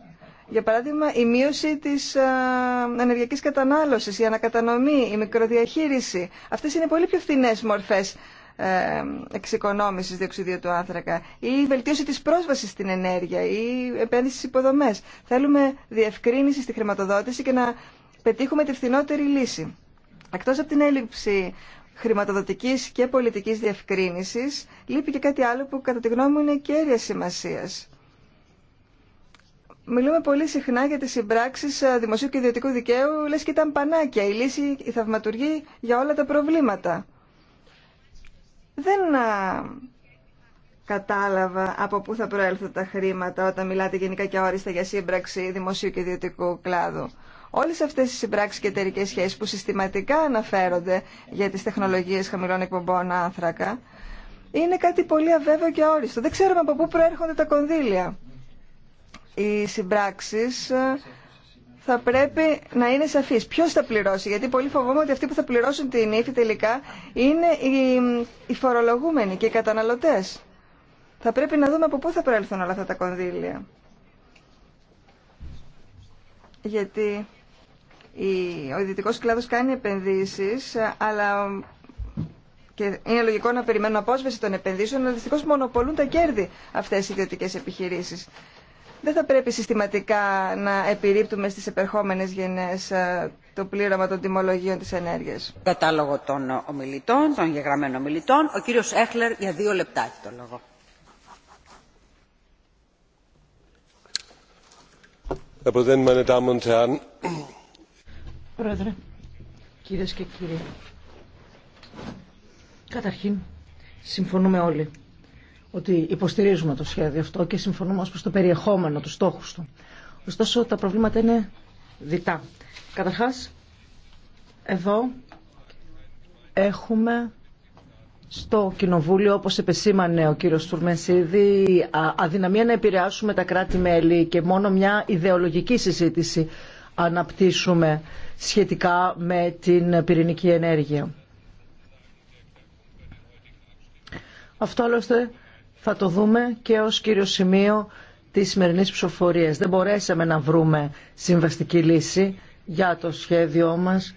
Για παράδειγμα, η μείωση της ενεργειακή ενεργειακής κατανάλωσης, η ανακατανομή, η μικροδιαχείριση. Αυτές είναι πολύ πιο φθηνές μορφές ε, Εξοικονόμηση διοξιδίου του άνθρακα ή βελτίωση τη πρόσβασης στην ενέργεια ή επένδυση στι υποδομέ. Θέλουμε διευκρίνηση στη χρηματοδότηση και να πετύχουμε τη φθηνότερη λύση. Εκτό από την έλλειψη χρηματοδοτική και πολιτική διευκρίνηση λείπει και κάτι άλλο που κατά τη γνώμη μου είναι κέρια σημασία. Μιλούμε πολύ συχνά για τι συμπράξει ε, δημοσίου και ιδιωτικού δικαίου, λες και ήταν πανάκια η λύση, η θαυματουργή για όλα τα προβλήματα. Δεν κατάλαβα από πού θα προέλθουν τα χρήματα όταν μιλάτε γενικά και όριστα για σύμπραξη δημοσίου και ιδιωτικού κλάδου. Όλες αυτές οι συμπράξεις και εταιρικέ σχέσεις που συστηματικά ιδιωτικου κλαδου ολες αυτες οι συμπράξει και εταιρικε σχέσει που συστηματικα αναφερονται για τις τεχνολογίες χαμηλών εκπομπών άνθρακα είναι κάτι πολύ αβέβαιο και όριστο. Δεν ξέρουμε από πού προέρχονται τα κονδύλια. Οι συμπράξει θα πρέπει να είναι σαφής ποιος θα πληρώσει. Γιατί πολύ φοβόμαι ότι αυτοί που θα πληρώσουν την ύφη τελικά είναι οι φορολογούμενοι και οι καταναλωτές. Θα πρέπει να δούμε από πού θα προέλθουν όλα αυτά τα κονδύλια. Γιατί ο ιδιωτικός κλάδος κάνει επενδύσεις, αλλά και είναι λογικό να περιμένουν απόσβεση των επενδύσεων, αλλά δυστυχώ μονοπολούν τα κέρδη αυτές οι ιδιωτικές επιχειρήσεις δεν θα πρέπει συστηματικά να επιρρύπτουμε στις επερχόμενες γενές ε, το πλήρωμα των τιμολογίων της ενέργειας. Κατάλογο των ομιλητών, των γεγραμμένων ομιλητών. Ο κύριος Έχλερ για δύο λεπτά έχει το λόγο. Πρόεδρε, κυρίες και κύριοι, καταρχήν συμφωνούμε όλοι ότι υποστηρίζουμε το σχέδιο αυτό και συμφωνούμε ως προς το περιεχόμενο, του στόχου του. Ωστόσο τα προβλήματα είναι διτά. Καταρχάς, εδώ έχουμε στο Κοινοβούλιο, όπως επεσήμανε ο κύριος Τουρμενσίδη, αδυναμία να επηρεάσουμε τα κράτη-μέλη και μόνο μια ιδεολογική συζήτηση αναπτύσσουμε σχετικά με την πυρηνική ενέργεια. Αυτό άλλωστε θα το δούμε και ως κύριο σημείο της σημερινή ψηφοφορίας. Δεν μπορέσαμε να βρούμε συμβαστική λύση για το σχέδιό μας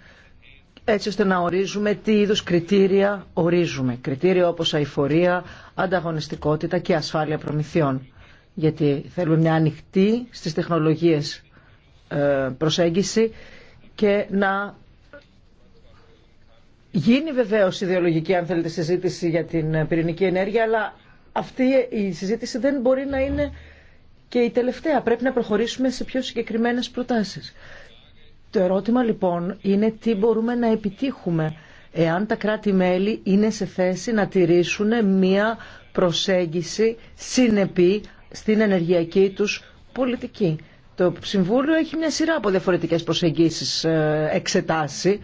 έτσι ώστε να ορίζουμε τι είδους κριτήρια ορίζουμε. Κριτήρια όπως αηφορία, ανταγωνιστικότητα και ασφάλεια προμηθειών. Γιατί θέλουμε μια ανοιχτή στις τεχνολογίες ε, προσέγγιση και να γίνει βεβαίως ιδεολογική αν θέλετε συζήτηση για την πυρηνική ενέργεια αλλά αυτή η συζήτηση δεν μπορεί να είναι και η τελευταία. Πρέπει να προχωρήσουμε σε πιο συγκεκριμένες προτάσεις. Το ερώτημα λοιπόν είναι τι μπορούμε να επιτύχουμε εάν τα κράτη-μέλη είναι σε θέση να τηρήσουν μία προσέγγιση συνεπή στην ενεργειακή τους πολιτική. Το Συμβούλιο έχει μια σειρά από διαφορετικές προσεγγίσεις ε, εξετάσει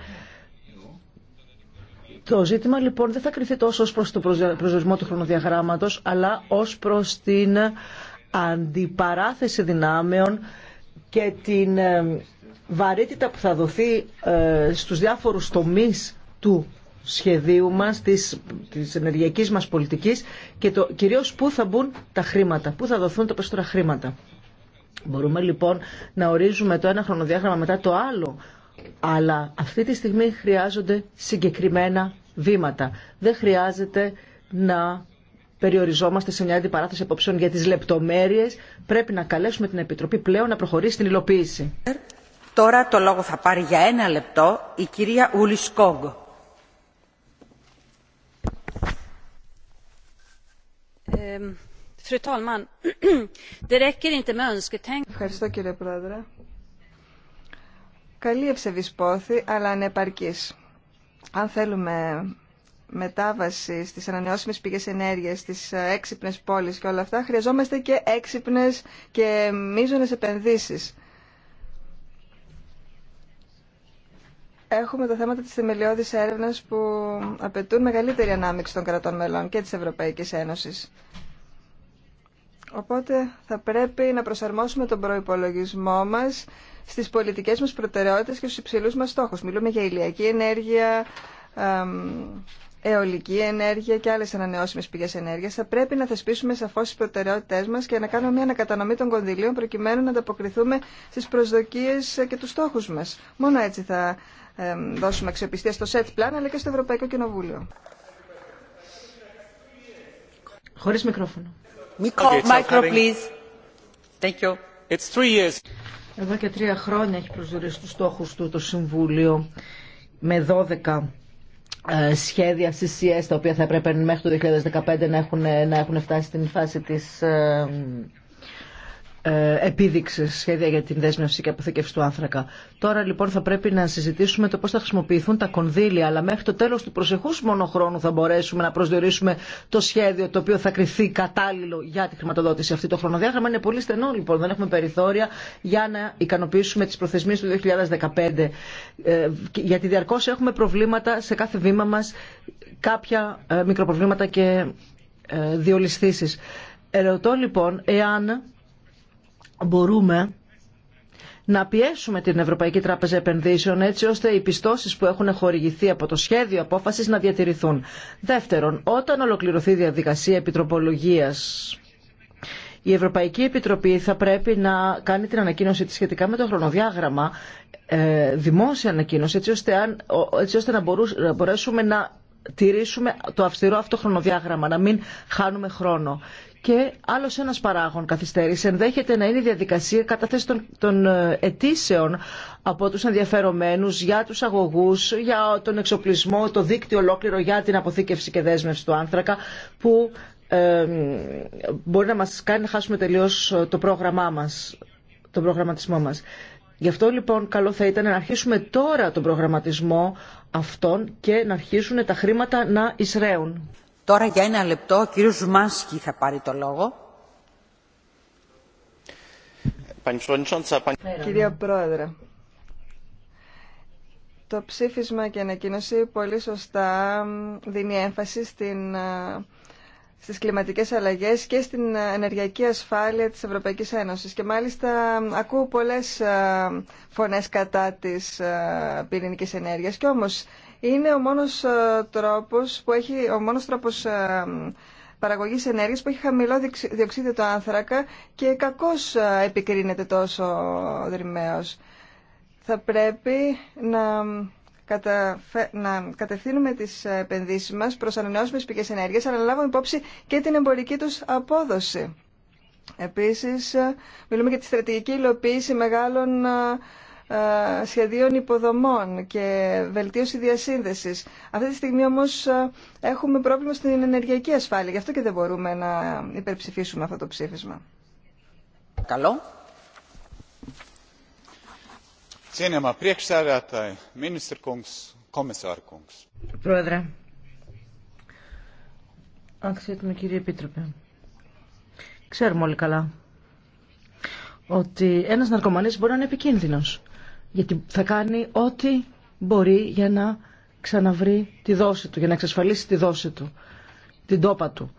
το ζήτημα λοιπόν δεν θα κρυθεί τόσο ως προς το προσδιορισμό του χρονοδιαγράμματος, αλλά ως προς την αντιπαράθεση δυνάμεων και την ε, βαρύτητα που θα δοθεί ε, στους διάφορους τομείς του σχεδίου μας, της, της ενεργειακής μας πολιτικής και το, κυρίως πού θα μπουν τα χρήματα, πού θα δοθούν τα περισσότερα χρήματα. Μπορούμε λοιπόν να ορίζουμε το ένα χρονοδιάγραμμα μετά το άλλο αλλά αυτή τη στιγμή χρειάζονται συγκεκριμένα βήματα. Δεν χρειάζεται να περιοριζόμαστε σε μια αντιπαράθεση απόψεων για τις λεπτομέρειες. Πρέπει να καλέσουμε την Επιτροπή πλέον να προχωρήσει την υλοποίηση. Τώρα το λόγο θα πάρει για ένα λεπτό η κυρία Σκόγκο. Ehm, Ευχαριστώ κύριε Πρόεδρε καλή πόθη, αλλά ανεπαρκής. Αν θέλουμε μετάβαση στις ανανεώσιμες πηγές ενέργειας, στις έξυπνες πόλεις και όλα αυτά, χρειαζόμαστε και έξυπνες και μείζονες επενδύσεις. Έχουμε τα θέματα της θεμελιώδης έρευνας που απαιτούν μεγαλύτερη ανάμειξη των κρατών μελών και της Ευρωπαϊκής Ένωσης. Οπότε θα πρέπει να προσαρμόσουμε τον προϋπολογισμό μας στις πολιτικές μας προτεραιότητες και στους υψηλού μας στόχους. Μιλούμε για ηλιακή ενέργεια, αιωλική ενέργεια και άλλες ανανεώσιμες πηγές ενέργειας. Θα πρέπει να θεσπίσουμε σαφώς τι προτεραιότητές μας και να κάνουμε μια ανακατανομή των κονδυλίων προκειμένου να ανταποκριθούμε στις προσδοκίες και τους στόχου μα. Μόνο έτσι θα δώσουμε αξιοπιστία στο ΣΕΤ πλάν αλλά και στο Ευρωπαϊκό Κοινοβούλιο. Χωρίς μικρόφωνο. Thank you. It's years. Εδώ και τρία χρόνια έχει προσδιορίσει τους στόχους του το Συμβούλιο με 12 ε, σχέδια CCS τα οποία θα έπρεπε μέχρι το 2015 να έχουν, να έχουν φτάσει στην φάση της ε, ε, επίδειξε σχέδια για την δέσμευση και αποθήκευση του άνθρακα. Τώρα λοιπόν θα πρέπει να συζητήσουμε το πώ θα χρησιμοποιηθούν τα κονδύλια, αλλά μέχρι το τέλο του προσεχού μόνο χρόνου θα μπορέσουμε να προσδιορίσουμε το σχέδιο το οποίο θα κρυθεί κατάλληλο για τη χρηματοδότηση. Αυτή το χρονοδιάγραμμα είναι πολύ στενό λοιπόν, δεν έχουμε περιθώρια για να ικανοποιήσουμε τι προθεσμίε του 2015. Ε, γιατί διαρκώ έχουμε προβλήματα σε κάθε βήμα μα, κάποια ε, μικροπροβλήματα και ε, Ερωτώ λοιπόν εάν μπορούμε να πιέσουμε την Ευρωπαϊκή Τράπεζα Επενδύσεων έτσι ώστε οι πιστώσεις που έχουν χορηγηθεί από το σχέδιο απόφασης να διατηρηθούν. Δεύτερον, όταν ολοκληρωθεί η διαδικασία επιτροπολογίας η Ευρωπαϊκή Επιτροπή θα πρέπει να κάνει την ανακοίνωση της σχετικά με το χρονοδιάγραμμα, ε, δημόσια ανακοίνωση, έτσι ώστε, αν, έτσι ώστε να, να μπορέσουμε να τηρήσουμε το αυστηρό αυτό χρονοδιάγραμμα, να μην χάνουμε χρόνο. Και άλλο ένα παράγον καθυστέρηση ενδέχεται να είναι η διαδικασία καταθέση των, των ε, αιτήσεων από τους ενδιαφερομένου για τους αγωγού, για τον εξοπλισμό, το δίκτυο ολόκληρο για την αποθήκευση και δέσμευση του άνθρακα που ε, μπορεί να μας κάνει να χάσουμε τελείως ε, το πρόγραμμά μας, τον προγραμματισμό μας. Γι' αυτό λοιπόν καλό θα ήταν να αρχίσουμε τώρα τον προγραμματισμό αυτών και να αρχίσουν τα χρήματα να εισραίουν. Τώρα για ένα λεπτό ο κύριος Ζουμάνσκι θα πάρει το λόγο. Κυρία Πρόεδρε, το ψήφισμα και ανακοίνωση πολύ σωστά δίνει έμφαση στην, ε, στις κλιματικές αλλαγές και στην ενεργειακή ασφάλεια της Ευρωπαϊκής Ένωσης. Και μάλιστα ε, ακούω πολλές ε, φωνές κατά της πυρηνικής ενέργειας. Και όμως είναι ο μόνος ε, τρόπος, που έχει, ο μόνος τρόπος ε, παραγωγής ενέργειας που έχει χαμηλό διοξείδιο το άνθρακα και κακώς ε, επικρίνεται τόσο δρυμαίος. Θα πρέπει να, να κατευθύνουμε τις επενδύσεις μας προς ανανεώσιμες πηγές ενέργειας, αλλά να λάβουμε υπόψη και την εμπορική τους απόδοση. Επίσης, μιλούμε για τη στρατηγική υλοποίηση μεγάλων ε, σχεδίων υποδομών και βελτίωση διασύνδεσης. Αυτή τη στιγμή όμως ε, έχουμε πρόβλημα στην ενεργειακή ασφάλεια. Γι' αυτό και δεν μπορούμε να υπερψηφίσουμε αυτό το ψήφισμα. Καλό. Πρόεδρε, αξιότιμη κύριε Επίτροπε, ξέρουμε όλοι καλά ότι ένας ναρκωμανής μπορεί να είναι επικίνδυνος γιατί θα κάνει ό,τι μπορεί για να ξαναβρει τη δόση του, για να εξασφαλίσει τη δόση του, την τόπα του.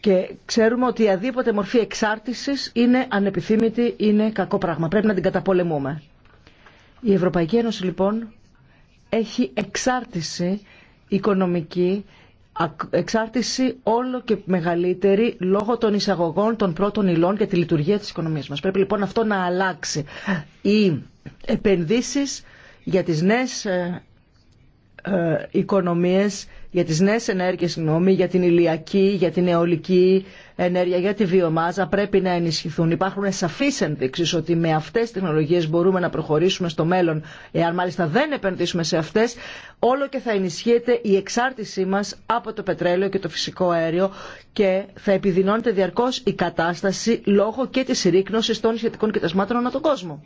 Και ξέρουμε ότι η αδίποτε μορφή εξάρτησης είναι ανεπιθύμητη, είναι κακό πράγμα. Πρέπει να την καταπολεμούμε. Η Ευρωπαϊκή Ένωση λοιπόν έχει εξάρτηση οικονομική εξάρτηση όλο και μεγαλύτερη λόγω των εισαγωγών των πρώτων υλών για τη λειτουργία της οικονομίας μας. Πρέπει λοιπόν αυτό να αλλάξει. Οι επενδύσεις για τις νέες ε, ε, οικονομίες, για τις νέες ενέργειες, συγγνώμη, για την ηλιακή, για την αιωλική ενέργεια, για τη βιομάζα πρέπει να ενισχυθούν. Υπάρχουν σαφείς ενδείξεις ότι με αυτές τις τεχνολογίες μπορούμε να προχωρήσουμε στο μέλλον. Εάν μάλιστα δεν επενδύσουμε σε αυτές, όλο και θα ενισχύεται η εξάρτησή μας από το πετρέλαιο και το φυσικό αέριο και θα επιδεινώνεται διαρκώς η κατάσταση λόγω και της ρίκνωσης των σχετικών κοιτασμάτων ανά τον κόσμο.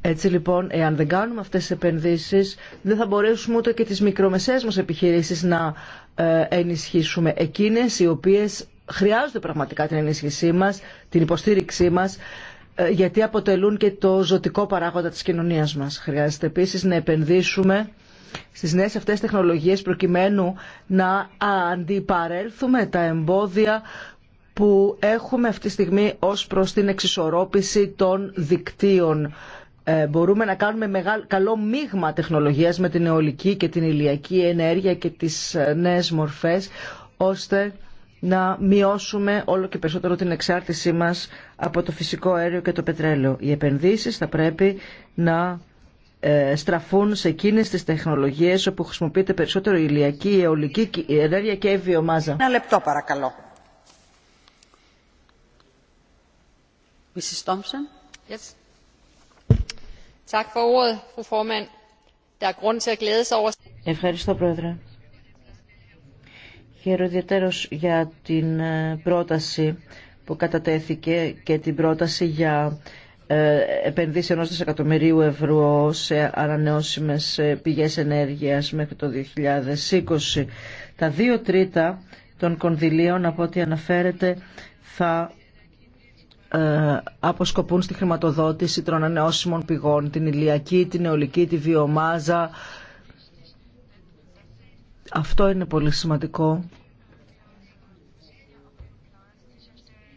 Έτσι λοιπόν, εάν δεν κάνουμε αυτές τις επενδύσεις, δεν θα μπορέσουμε ούτε και τις μικρομεσαίες μας επιχειρήσεις να ε, ενισχύσουμε. Εκείνες οι οποίες χρειάζονται πραγματικά την ενίσχυσή μας, την υποστήριξή μας, ε, γιατί αποτελούν και το ζωτικό παράγοντα της κοινωνίας μας. Χρειάζεται επίσης να επενδύσουμε στις νέες αυτές τεχνολογίες προκειμένου να αντιπαρέλθουμε τα εμπόδια που έχουμε αυτή τη στιγμή ως προς την εξισορρόπηση των δικτύων ε, μπορούμε να κάνουμε μεγάλο, καλό μείγμα τεχνολογίας με την αιωλική και την ηλιακή ενέργεια και τις ε, νέες μορφές ώστε να μειώσουμε όλο και περισσότερο την εξάρτησή μας από το φυσικό αέριο και το πετρέλαιο. Οι επενδύσεις θα πρέπει να ε, στραφούν σε εκείνες τις τεχνολογίες όπου χρησιμοποιείται περισσότερο η ηλιακή, η αιωλική ενέργεια και η βιομάζα. Ένα λεπτό παρακαλώ. Yes. Er Ευχαριστώ, Πρόεδρε. Χαίρομαι ιδιαίτερω για την ε, πρόταση που κατατέθηκε και την πρόταση για ε, επενδύσει ενός δισεκατομμυρίου ευρώ σε ανανεώσιμες ε, πηγές ενέργειας μέχρι το 2020. Τα δύο τρίτα των κονδυλίων από ό,τι αναφέρεται θα ε, αποσκοπούν στη χρηματοδότηση των ανανεώσιμων πηγών, την ηλιακή, την αιωλική, τη βιομάζα. Αυτό είναι πολύ σημαντικό,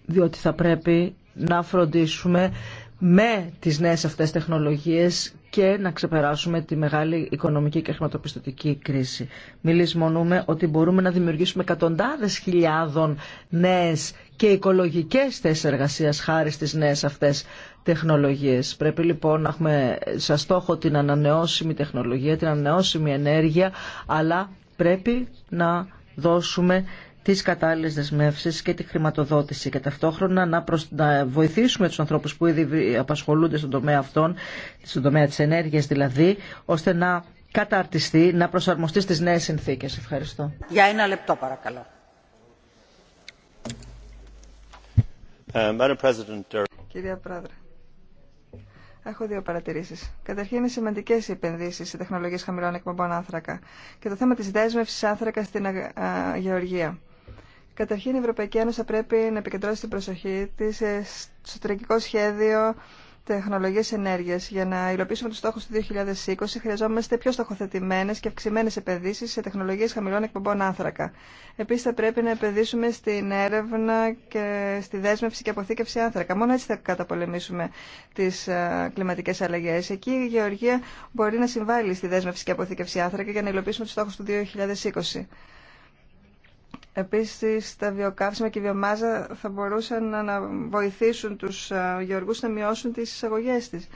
διότι θα πρέπει να φροντίσουμε με τις νέες αυτές τεχνολογίες και να ξεπεράσουμε τη μεγάλη οικονομική και χρηματοπιστωτική κρίση. Μιλήσουμε ότι μπορούμε να δημιουργήσουμε εκατοντάδες χιλιάδων νέες και οικολογικές θέσεις εργασίας χάρη στις νέες αυτές τεχνολογίες. Πρέπει λοιπόν να έχουμε σαν στόχο την ανανεώσιμη τεχνολογία, την ανανεώσιμη ενέργεια, αλλά πρέπει να δώσουμε τις κατάλληλες δεσμεύσεις και τη χρηματοδότηση και ταυτόχρονα να, βοηθήσουμε τους ανθρώπους που ήδη απασχολούνται στον τομέα αυτών, στον τομέα της ενέργειας δηλαδή, ώστε να καταρτιστεί, να προσαρμοστεί στις νέες συνθήκες. Ευχαριστώ. Για ένα λεπτό παρακαλώ. Ε, Κυρία Πρόεδρε, έχω δύο παρατηρήσει. Καταρχήν, είναι σημαντικέ οι επενδύσει σε τεχνολογίε χαμηλών εκπομπών άνθρακα και το θέμα τη δέσμευση άνθρακα στην γεωργία. Καταρχήν, η Ευρωπαϊκή Ένωση θα πρέπει να επικεντρώσει την προσοχή τη στο τραγικό σχέδιο τεχνολογίες ενέργειας. Για να υλοποιήσουμε τους στόχους του 2020 χρειαζόμαστε πιο στοχοθετημένες και αυξημένε επενδύσεις σε τεχνολογίες χαμηλών εκπομπών άνθρακα. Επίση θα πρέπει να επενδύσουμε στην έρευνα και στη δέσμευση και αποθήκευση άνθρακα. Μόνο έτσι θα καταπολεμήσουμε τις ε, κλιματικές αλλαγές. Εκεί η Γεωργία μπορεί να συμβάλλει στη δέσμευση και αποθήκευση άνθρακα για να υλοποιήσουμε τους στόχους του 2020. Επίσης τα βιοκαύσιμα και η βιομάζα θα μπορούσαν να βοηθήσουν τους ε, γεωργούς να μειώσουν τις εισαγωγές της.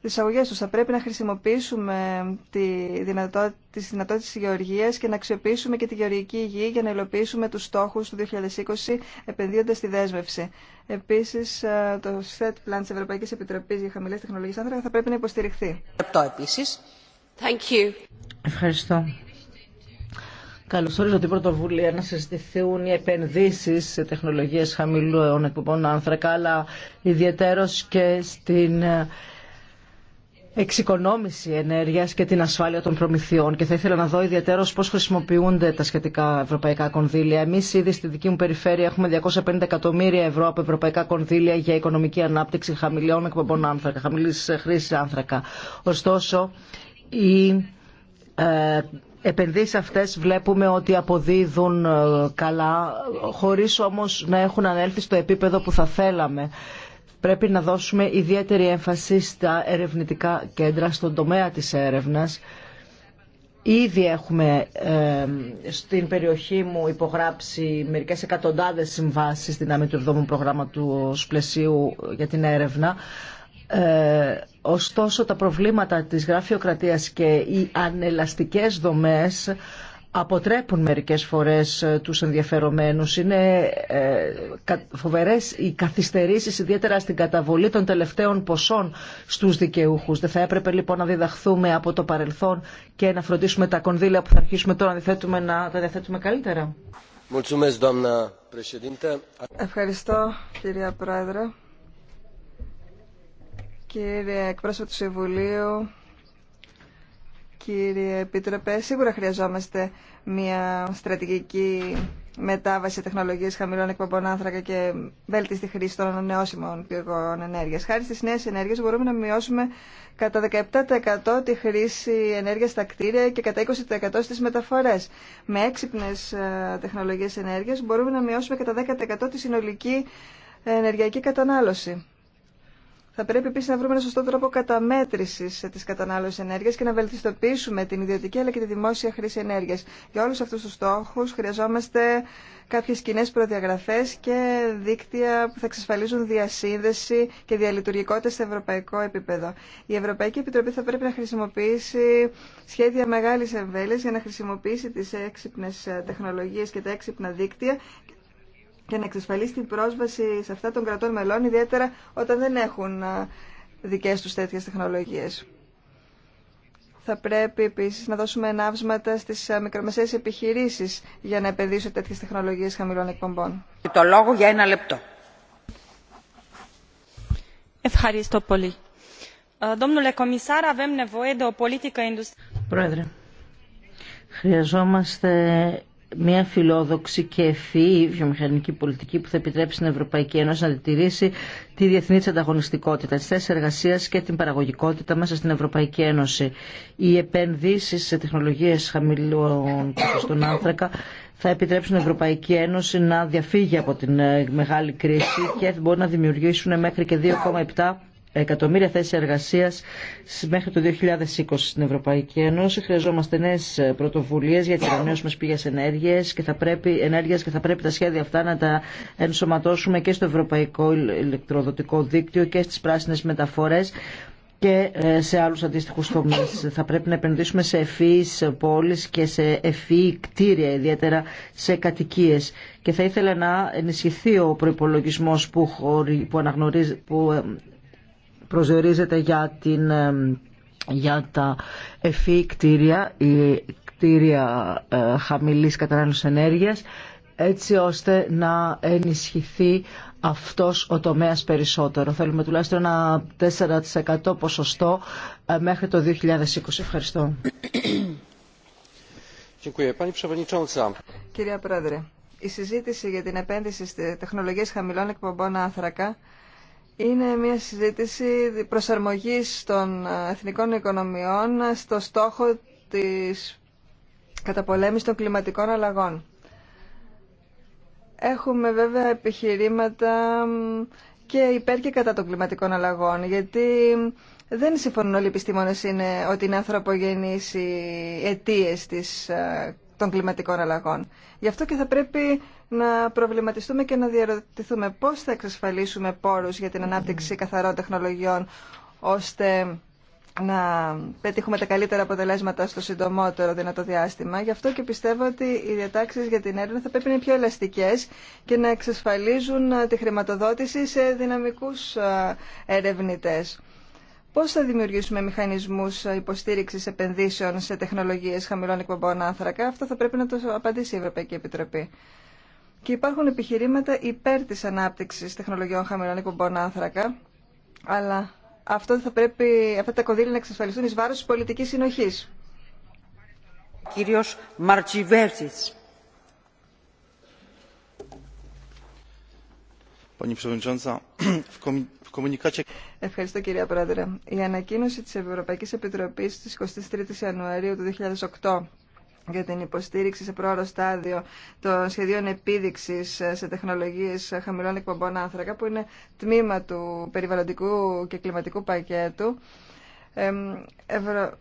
Τις τους θα πρέπει να χρησιμοποιήσουμε τη δυνατότητα, τις δυνατότητες της γεωργίας και να αξιοποιήσουμε και τη γεωργική υγεία για να υλοποιήσουμε τους στόχους του 2020 επενδύοντας στη δέσμευση. Επίσης ε, το SET Plan της Ευρωπαϊκής Επιτροπής για χαμηλές τεχνολογίες άνθρακα θα πρέπει να υποστηριχθεί. Ευχαριστώ. Καλωσορίζω την πρωτοβουλία να συζητηθούν οι επενδύσει σε τεχνολογίε χαμηλού εκπομπών άνθρακα, αλλά ιδιαίτερω και στην ε, εξοικονόμηση ενέργεια και την ασφάλεια των προμηθειών. Και θα ήθελα να δω ιδιαίτερω πώ χρησιμοποιούνται τα σχετικά ευρωπαϊκά κονδύλια. Εμεί ήδη στη δική μου περιφέρεια έχουμε 250 εκατομμύρια ευρώ από ευρωπαϊκά κονδύλια για οικονομική ανάπτυξη χαμηλών εκπομπών άνθρακα, χαμηλή χρήση άνθρακα. Ωστόσο, η ε, επενδύσεις αυτές βλέπουμε ότι αποδίδουν ε, καλά, χωρίς όμως να έχουν ανέλθει στο επίπεδο που θα θέλαμε. Πρέπει να δώσουμε ιδιαίτερη έμφαση στα ερευνητικά κέντρα, στον τομέα της έρευνας. Ήδη έχουμε ε, στην περιοχή μου υπογράψει μερικές εκατοντάδες συμβάσεις στην του 7ου προγράμματος πλαισίου για την έρευνα. Ε, Ωστόσο τα προβλήματα της γραφειοκρατίας και οι ανελαστικές δομές αποτρέπουν μερικές φορές τους ενδιαφερομένους. Είναι ε, φοβερές οι καθυστερήσεις ιδιαίτερα στην καταβολή των τελευταίων ποσών στους δικαιούχους. Δεν θα έπρεπε λοιπόν να διδαχθούμε από το παρελθόν και να φροντίσουμε τα κονδύλια που θα αρχίσουμε τώρα να, να τα διαθέτουμε καλύτερα. Ευχαριστώ κυρία Πρόεδρε. Κύριε εκπρόσωπο του Συμβουλίου, κύριε Επίτροπε, σίγουρα χρειαζόμαστε μια στρατηγική μετάβαση τεχνολογία χαμηλών εκπομπών άνθρακα και βέλτιστη χρήση των ανανεώσιμων πηγών ενέργεια. Χάρη στι νέε ενέργειε μπορούμε να μειώσουμε κατά 17% τη χρήση ενέργεια στα κτίρια και κατά 20% στι μεταφορέ. Με έξυπνε τεχνολογίε ενέργεια μπορούμε να μειώσουμε κατά 10% τη συνολική ενεργειακή κατανάλωση. Θα πρέπει επίση να βρούμε ένα σωστό τρόπο καταμέτρηση τη κατανάλωση ενέργεια και να βελτιστοποιήσουμε την ιδιωτική αλλά και τη δημόσια χρήση ενέργεια. Για όλου αυτού του στόχου χρειαζόμαστε κάποιε κοινέ προδιαγραφέ και δίκτυα που θα εξασφαλίζουν διασύνδεση και διαλειτουργικότητα σε ευρωπαϊκό επίπεδο. Η Ευρωπαϊκή Επιτροπή θα πρέπει να χρησιμοποιήσει σχέδια μεγάλη εμβέλεια για να χρησιμοποιήσει τι έξυπνε τεχνολογίε και τα έξυπνα δίκτυα και να εξασφαλίσει την πρόσβαση σε αυτά των κρατών μελών, ιδιαίτερα όταν δεν έχουν δικές τους τέτοιες τεχνολογίες. Θα πρέπει επίσης να δώσουμε ναύσματα στις μικρομεσαίες επιχειρήσεις για να επενδύσουν τέτοιες τεχνολογίες χαμηλών εκπομπών. Το λόγο για ένα λεπτό. Ευχαριστώ πολύ. Ε, Πρόεδρε, χρειαζόμαστε μια φιλόδοξη και ευφυή βιομηχανική πολιτική που θα επιτρέψει στην Ευρωπαϊκή Ένωση να διατηρήσει τη διεθνή της ανταγωνιστικότητα, τις θέσει εργασία και την παραγωγικότητα μέσα στην Ευρωπαϊκή Ένωση. Οι επενδύσεις σε τεχνολογίε χαμηλών στον άνθρακα θα επιτρέψουν η Ευρωπαϊκή Ένωση να διαφύγει από την ε, μεγάλη κρίση και μπορεί να δημιουργήσουν μέχρι και 2,7 εκατομμύρια θέσεις εργασίας μέχρι το 2020 στην Ευρωπαϊκή Ένωση. Χρειαζόμαστε νέες ε, πρωτοβουλίες για τις ανανεώσιμες πηγές ενέργειας και, θα πρέπει, ενέργειας και θα πρέπει τα σχέδια αυτά να τα ενσωματώσουμε και στο Ευρωπαϊκό Ηλεκτροδοτικό Δίκτυο και στις πράσινες μεταφορές και ε, σε άλλους αντίστοιχους τομείς. Θα πρέπει να επενδύσουμε σε ευφύης πόλεις και σε ευφύή κτίρια, ιδιαίτερα σε κατοικίες. Και θα ήθελα να ενισχυθεί ο προϋπολογισμός που, χωρί, που, αναγνωρίζει, που ε, προσδιορίζεται για, την, για τα εφή κτίρια, η κτίρια ε, χαμηλής κατανάλωσης ενέργειας, έτσι ώστε να ενισχυθεί αυτός ο τομέας περισσότερο. Θέλουμε τουλάχιστον ένα 4% ποσοστό ε, μέχρι το 2020. Ευχαριστώ. Κύριε Πρόεδρε, η συζήτηση για την επένδυση στις τεχνολογίες χαμηλών εκπομπών άνθρακα είναι μια συζήτηση προσαρμογής των ε, εθνικών οικονομιών στο στόχο της καταπολέμησης των κλιματικών αλλαγών. Έχουμε βέβαια επιχειρήματα και υπέρ και κατά των κλιματικών αλλαγών, γιατί δεν συμφωνούν όλοι οι επιστήμονες είναι ότι είναι ανθρωπογενείς οι αιτίες της, ε, των κλιματικών αλλαγών. Γι' αυτό και θα πρέπει να προβληματιστούμε και να διαρωτηθούμε πώς θα εξασφαλίσουμε πόρους για την ανάπτυξη καθαρών τεχνολογιών ώστε να πετύχουμε τα καλύτερα αποτελέσματα στο συντομότερο δυνατό διάστημα. Γι' αυτό και πιστεύω ότι οι διατάξεις για την έρευνα θα πρέπει να είναι πιο ελαστικές και να εξασφαλίζουν ε, τη χρηματοδότηση σε δυναμικούς ε, ερευνητές. Πώς θα δημιουργήσουμε μηχανισμούς ε, υποστήριξης επενδύσεων σε τεχνολογίες χαμηλών εκπομπών άνθρακα, αυτό θα πρέπει να το απαντήσει η Ευρωπαϊκή Επιτροπή και υπάρχουν επιχειρήματα υπέρ τη ανάπτυξη τεχνολογιών χαμηλών εκπομπών άνθρακα, αλλά αυτό θα πρέπει, αυτά τα κονδύλια να εξασφαλιστούν ει βάρος της πολιτικής συνοχής. Κύριος Ευχαριστώ κυρία Πρόεδρε. Η ανακοίνωση της Ευρωπαϊκής Επιτροπής της 23 Ιανουαρίου του 2008 για την υποστήριξη σε πρόωρο στάδιο των σχεδίων επίδειξης σε τεχνολογίες χαμηλών εκπομπών άνθρακα, που είναι τμήμα του περιβαλλοντικού και κλιματικού πακέτου, ευρω...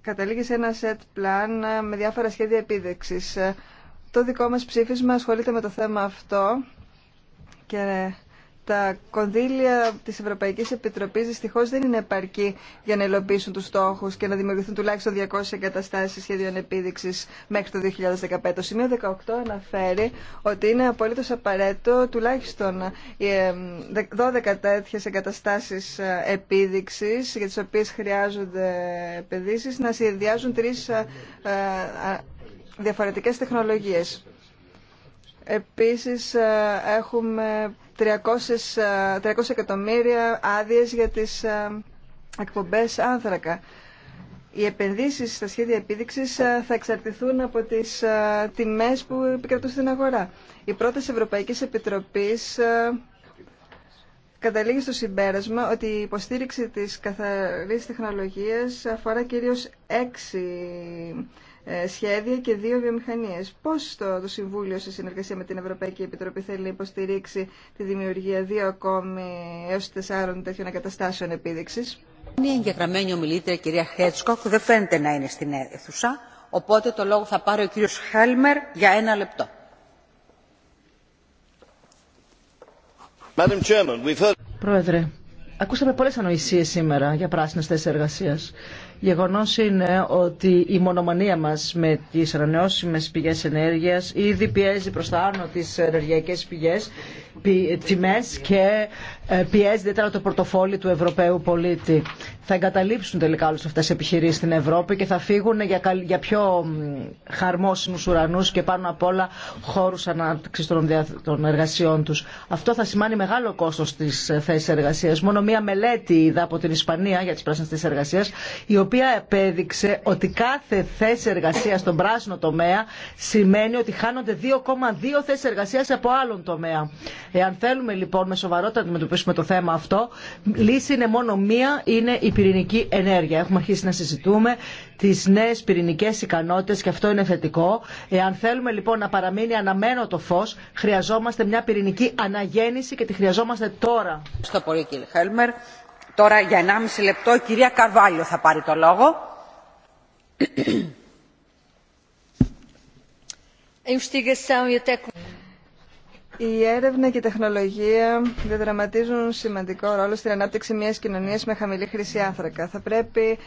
καταλήγει σε ένα set plan με διάφορα σχέδια επίδειξης. Το δικό μας ψήφισμα ασχολείται με το θέμα αυτό και τα κονδύλια της Ευρωπαϊκής Επιτροπής δυστυχώς δεν είναι επαρκή για να υλοποιήσουν τους στόχους και να δημιουργηθούν τουλάχιστον 200 εγκαταστάσεις σχεδίων επίδειξης μέχρι το 2015. Το σημείο 18 αναφέρει ότι είναι απολύτως απαραίτητο τουλάχιστον 12 ε, τέτοιες εγκαταστάσεις ε, επίδειξης για τις οποίες χρειάζονται επενδύσεις να συνδυάζουν τρεις ε, διαφορετικές τεχνολογίες. Επίσης έχουμε 300, 300 εκατομμύρια άδειε για τις ε, εκπομπέ άνθρακα. Οι επενδύσεις στα σχέδια επίδειξη ε, θα εξαρτηθούν από τις ε, τιμές που επικρατούν στην αγορά. Η πρόταση Ευρωπαϊκή Επιτροπή καταλήγει στο συμπέρασμα ότι η υποστήριξη της καθαρής τεχνολογίας αφορά κυρίως έξι ε, σχέδια και δύο βιομηχανίες. Πώς το, το Συμβούλιο σε συνεργασία με την Ευρωπαϊκή Επιτροπή θέλει να υποστηρίξει τη δημιουργία δύο ακόμη έως τεσσάρων τέτοιων εγκαταστάσεων επίδειξης. Είναι η εγγεγραμμένη ομιλήτρια κυρία Χέτσκοκ, δεν φαίνεται να είναι στην αίθουσα, οπότε το λόγο θα πάρει ο κύριος Χέλμερ για ένα λεπτό. Πρόεδρε, ακούσαμε πολλές ανοησίες σήμερα για πράσινες θέσεις εργασίας. Γεγονός είναι ότι η μονομανία μας με τις ανανεώσιμες πηγές ενέργειας ήδη πιέζει προς τα άνω τις ενεργειακές πηγές τιμές και ε, πιέζει ιδιαίτερα το πορτοφόλι του Ευρωπαίου πολίτη. Θα εγκαταλείψουν τελικά όλες αυτές τις επιχειρήσεις στην Ευρώπη και θα φύγουν για, πιο χαρμόσυνους ουρανούς και πάνω απ' όλα χώρους ανάπτυξη των, εργασιών τους. Αυτό θα σημάνει μεγάλο κόστος της ε, θέσης εργασίας. Μόνο μία μελέτη είδα από την Ισπανία για τις πράσινες θέσεις εργασίας, οποία επέδειξε ότι κάθε θέση εργασία στον πράσινο τομέα σημαίνει ότι χάνονται 2,2 θέσει εργασία από άλλον τομέα. Εάν θέλουμε λοιπόν με σοβαρότητα να αντιμετωπίσουμε το θέμα αυτό, λύση είναι μόνο μία, είναι η πυρηνική ενέργεια. Έχουμε αρχίσει να συζητούμε τι νέε πυρηνικέ ικανότητε και αυτό είναι θετικό. Εάν θέλουμε λοιπόν να παραμείνει αναμένο το φω, χρειαζόμαστε μια πυρηνική αναγέννηση και τη χρειαζόμαστε τώρα. πολύ, κύριε Τώρα για 1,5 λεπτό η κυρία Καρβάλιο θα πάρει το λόγο. E η έρευνα και η τεχνολογία διαδραματίζουν σημαντικό ρόλο στην ανάπτυξη μιας κοινωνίας με χαμηλή χρήση άνθρακα. Θα πρέπει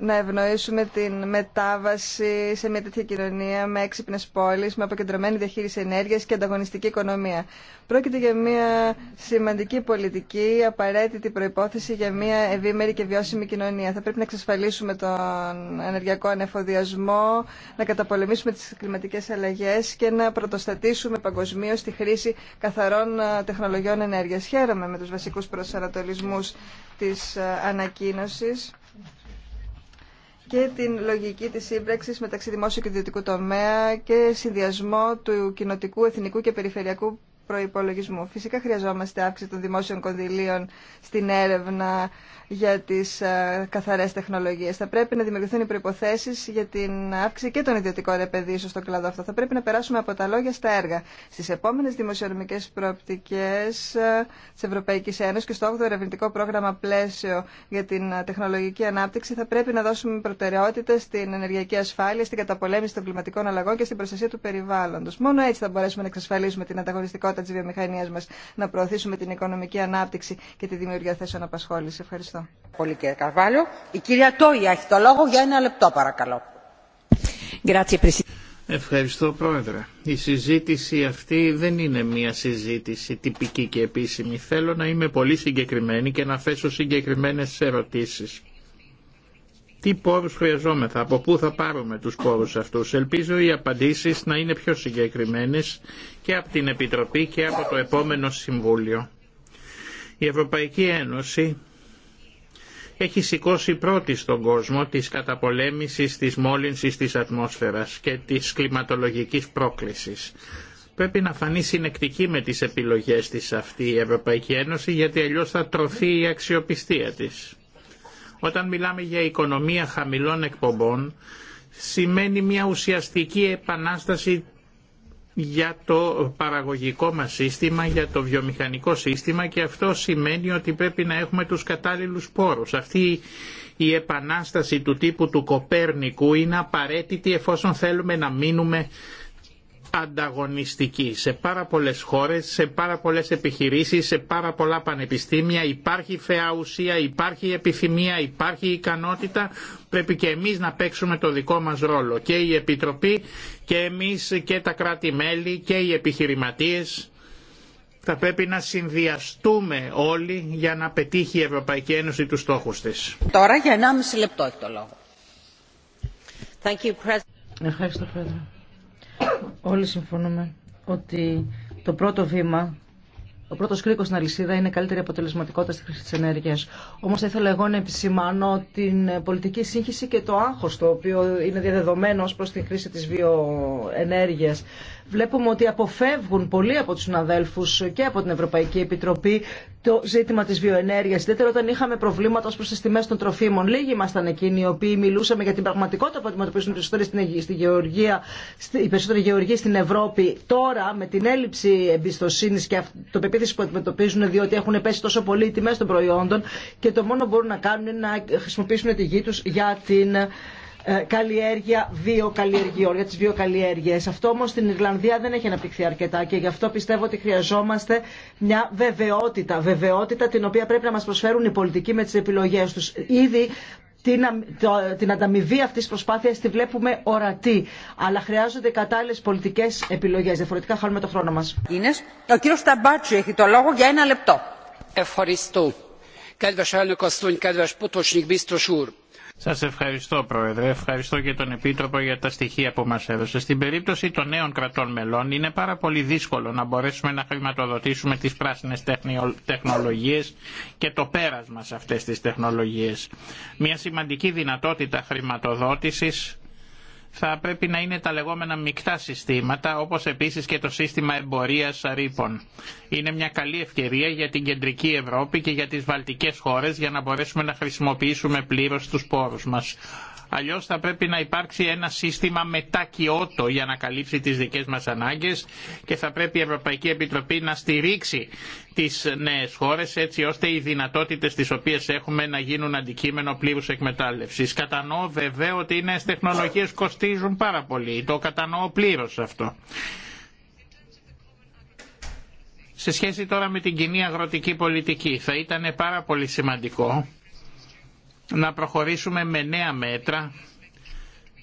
να ευνοήσουμε την μετάβαση σε μια τέτοια κοινωνία με έξυπνε πόλει, με αποκεντρωμένη διαχείριση ενέργεια και ανταγωνιστική οικονομία. Πρόκειται για μια σημαντική πολιτική, απαραίτητη προπόθεση για μια ευήμερη και βιώσιμη κοινωνία. Θα πρέπει να εξασφαλίσουμε τον ενεργειακό ανεφοδιασμό, να καταπολεμήσουμε τι κλιματικέ αλλαγέ και να πρωτοστατήσουμε παγκοσμίω τη χρήση καθαρών ε, τεχνολογιών ενέργεια. Χαίρομαι με του βασικού προσανατολισμού τη ε, ανακοίνωση και την λογική της σύμπραξης μεταξύ δημόσιου και ιδιωτικού τομέα και συνδυασμό του κοινοτικού, εθνικού και περιφερειακού Προπολογισμού. Φυσικά χρειαζόμαστε αύξηση των δημόσιων κονδυλίων στην έρευνα για τις ε, καθαρέ τεχνολογίε. Θα πρέπει να δημιουργηθούν οι προποθέσει για την αύξηση και των ιδιωτικών επενδύσεων στον κλάδο αυτό. Θα πρέπει να περάσουμε από τα λόγια στα έργα. Στις επόμενες δημοσιονομικές προοπτικές ε, τη Ευρωπαϊκή Ένωση και στο 8ο ερευνητικό πρόγραμμα πλαίσιο για την ε, τεχνολογική ανάπτυξη θα πρέπει να δώσουμε προτεραιότητα στην ενεργειακή ασφάλεια, στην καταπολέμηση των κλιματικών αλλαγών και στην προστασία του περιβάλλοντο. Μόνο έτσι θα μπορέσουμε να εξασφαλίσουμε την ανταγωνιστικότητα τη της βιομηχανίας να προωθήσουμε την οικονομική ανάπτυξη και τη δημιουργία θέσεων απασχόληση. Ευχαριστώ. Πολύ κύριε Η κυρία έχει το λόγο για ένα λεπτό παρακαλώ. Ευχαριστώ Πρόεδρε. Η συζήτηση αυτή δεν είναι μια συζήτηση τυπική και επίσημη. Θέλω να είμαι πολύ συγκεκριμένη και να θέσω συγκεκριμένες ερωτήσεις τι πόρους χρειαζόμεθα, από πού θα πάρουμε τους πόρους αυτούς. Ελπίζω οι απαντήσεις να είναι πιο συγκεκριμένες και από την Επιτροπή και από το επόμενο Συμβούλιο. Η Ευρωπαϊκή Ένωση έχει σηκώσει πρώτη στον κόσμο της καταπολέμησης της μόλυνσης της ατμόσφαιρας και της κλιματολογικής πρόκλησης. Πρέπει να φανεί συνεκτική με τις επιλογές της αυτή η Ευρωπαϊκή Ένωση γιατί αλλιώς θα τρωθεί η αξιοπιστία της. Όταν μιλάμε για οικονομία χαμηλών εκπομπών, σημαίνει μια ουσιαστική επανάσταση για το παραγωγικό μας σύστημα, για το βιομηχανικό σύστημα και αυτό σημαίνει ότι πρέπει να έχουμε τους κατάλληλους πόρους. Αυτή η επανάσταση του τύπου του Κοπέρνικου είναι απαραίτητη εφόσον θέλουμε να μείνουμε ανταγωνιστική. Σε πάρα πολλές χώρες, σε πάρα πολλές επιχειρήσεις, σε πάρα πολλά πανεπιστήμια υπάρχει φαιά ουσία, υπάρχει επιθυμία, υπάρχει ικανότητα. Πρέπει και εμείς να παίξουμε το δικό μας ρόλο. Και η Επιτροπή και εμείς και τα κράτη-μέλη και οι επιχειρηματίες θα πρέπει να συνδυαστούμε όλοι για να πετύχει η Ευρωπαϊκή Ένωση τους στόχους της. Τώρα για Ευχαριστώ, Πρόεδρε. Όλοι συμφωνούμε ότι το πρώτο βήμα ο πρώτο κρίκο στην αλυσίδα είναι καλύτερη αποτελεσματικότητα στη χρήση τη ενέργεια. Όμω θα ήθελα εγώ να επισημάνω την πολιτική σύγχυση και το άγχο το οποίο είναι διαδεδομένο προ τη χρήση τη βιοενέργεια βλέπουμε ότι αποφεύγουν πολλοί από τους συναδέλφους και από την Ευρωπαϊκή Επιτροπή το ζήτημα της βιοενέργειας. Ιδιαίτερα όταν είχαμε προβλήματα ως προς τις τιμές των τροφίμων. Λίγοι ήμασταν εκείνοι οι οποίοι μιλούσαμε για την πραγματικότητα που αντιμετωπίζουν οι περισσότεροι γεωργία, οι περισσότεροι γεωργοί στην Ευρώπη. Τώρα με την έλλειψη εμπιστοσύνης και το πεποίθηση που αντιμετωπίζουν διότι έχουν πέσει τόσο πολύ οι τιμές των προϊόντων και το μόνο που μπορούν να κάνουν είναι να χρησιμοποιήσουν τη γη του για την ε, καλλιέργεια βιοκαλλιεργιών, για τις βιοκαλλιέργειες. Αυτό όμως στην Ιρλανδία δεν έχει αναπτυχθεί αρκετά και γι' αυτό πιστεύω ότι χρειαζόμαστε μια βεβαιότητα, βεβαιότητα την οποία πρέπει να μας προσφέρουν οι πολιτικοί με τις επιλογές τους. Ήδη την, την ανταμοιβή αυτής της προσπάθειας τη βλέπουμε ορατή. Αλλά χρειάζονται κατάλληλες πολιτικές επιλογές. Διαφορετικά χάνουμε το χρόνο μας. ο κύριο Σταμπάτσου έχει το λόγο για ένα λεπτό. Ευχαριστώ. Σας ευχαριστώ Πρόεδρε, ευχαριστώ και τον Επίτροπο για τα στοιχεία που μας έδωσε. Στην περίπτωση των νέων κρατών μελών είναι πάρα πολύ δύσκολο να μπορέσουμε να χρηματοδοτήσουμε τις πράσινες τεχνολογίες και το πέρασμα σε αυτές τις τεχνολογίες. Μια σημαντική δυνατότητα χρηματοδότησης θα πρέπει να είναι τα λεγόμενα μεικτά συστήματα, όπως επίσης και το σύστημα εμπορίας ρήπων. Είναι μια καλή ευκαιρία για την κεντρική Ευρώπη και για τις βαλτικές χώρες για να μπορέσουμε να χρησιμοποιήσουμε πλήρως τους πόρους μας. Αλλιώς θα πρέπει να υπάρξει ένα σύστημα μετά για να καλύψει τις δικές μας ανάγκες και θα πρέπει η Ευρωπαϊκή Επιτροπή να στηρίξει τις νέες χώρες έτσι ώστε οι δυνατότητες τις οποίες έχουμε να γίνουν αντικείμενο πλήρους εκμετάλλευσης. Κατανοώ βεβαίω ότι οι νέες τεχνολογίες κοστίζουν πάρα πολύ. Το κατανοώ πλήρω αυτό. Σε σχέση τώρα με την κοινή αγροτική πολιτική θα ήταν πάρα πολύ σημαντικό να προχωρήσουμε με νέα μέτρα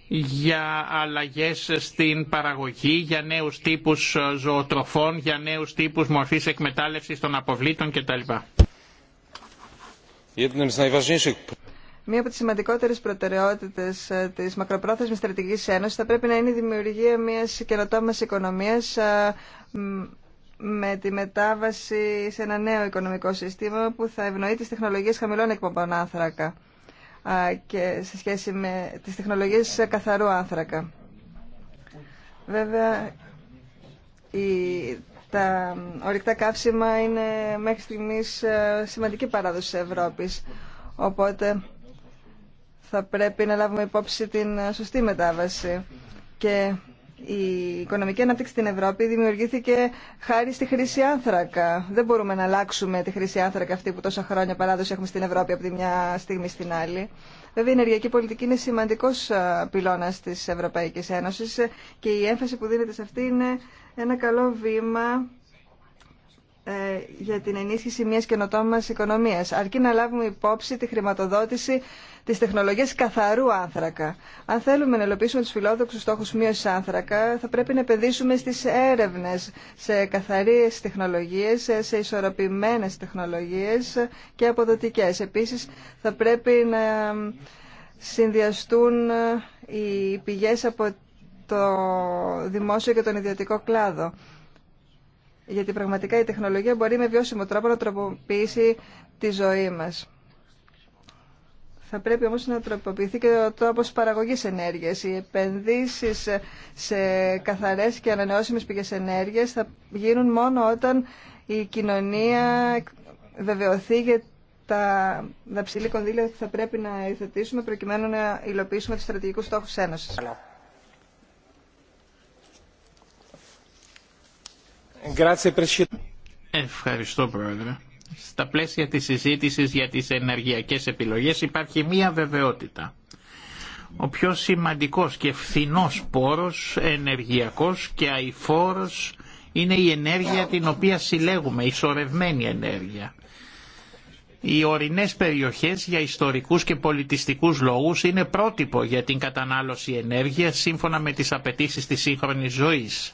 για αλλαγές στην παραγωγή, για νέους τύπους ζωοτροφών, για νέους τύπους μορφής εκμετάλλευσης των αποβλήτων κτλ. Μία από τις σημαντικότερες προτεραιότητες ε, της μακροπρόθεσμης στρατηγικής ένωσης θα πρέπει να είναι η δημιουργία μιας καινοτόμας οικονομίας ε, με τη μετάβαση σε ένα νέο οικονομικό σύστημα που θα ευνοεί τις τεχνολογίες χαμηλών εκπομπών άνθρακα και σε σχέση με τις τεχνολογίες καθαρού άνθρακα. Βέβαια, η, τα ορυκτά καύσιμα είναι μέχρι στιγμής ε, σημαντική παράδοση της Ευρώπης. Οπότε θα πρέπει να λάβουμε υπόψη την ε, σωστή μετάβαση και η οικονομική ανάπτυξη στην Ευρώπη δημιουργήθηκε χάρη στη χρήση άνθρακα. Δεν μπορούμε να αλλάξουμε τη χρήση άνθρακα αυτή που τόσα χρόνια παράδοση έχουμε στην Ευρώπη από τη μια στιγμή στην άλλη. Βέβαια, η ενεργειακή πολιτική είναι σημαντικό πυλώνα τη Ευρωπαϊκή Ένωση και η έμφαση που δίνεται σε αυτή είναι ένα καλό βήμα ε, για την ενίσχυση μιας καινοτόμας οικονομίας, αρκεί να λάβουμε υπόψη τη χρηματοδότηση της τεχνολογίας καθαρού άνθρακα. Αν θέλουμε να ελοπίσουμε τους φιλόδοξους στόχους μείωσης άνθρακα, θα πρέπει να επενδύσουμε στις έρευνες, σε καθαρές τεχνολογίες, σε ισορροπημένες τεχνολογίες και αποδοτικές. Επίσης, θα πρέπει να συνδυαστούν ε, οι πηγές από το δημόσιο και τον ιδιωτικό κλάδο γιατί πραγματικά η τεχνολογία μπορεί με βιώσιμο τρόπο να τροποποιήσει τη ζωή μας. Θα πρέπει όμως να τροποποιηθεί και ο τρόπος παραγωγής ενέργειας. Οι επενδύσεις σε καθαρές και ανανεώσιμες πηγές ενέργειας θα γίνουν μόνο όταν η κοινωνία βεβαιωθεί για τα δαψιλή κονδύλια που θα πρέπει να υιοθετήσουμε προκειμένου να υλοποιήσουμε τους στρατηγικούς στόχους Ένωσης. Ευχαριστώ Πρόεδρε. Στα πλαίσια της συζήτησης για τις ενεργειακές επιλογές υπάρχει μία βεβαιότητα. Ο πιο σημαντικός και φθηνός πόρος, ενεργειακός και αηφόρος είναι η ενέργεια την οποία συλλέγουμε, η σωρευμένη ενέργεια. Οι ορεινές περιοχές για ιστορικούς και πολιτιστικούς λόγους είναι πρότυπο για την κατανάλωση ενέργειας σύμφωνα με τις απαιτήσεις της σύγχρονης ζωής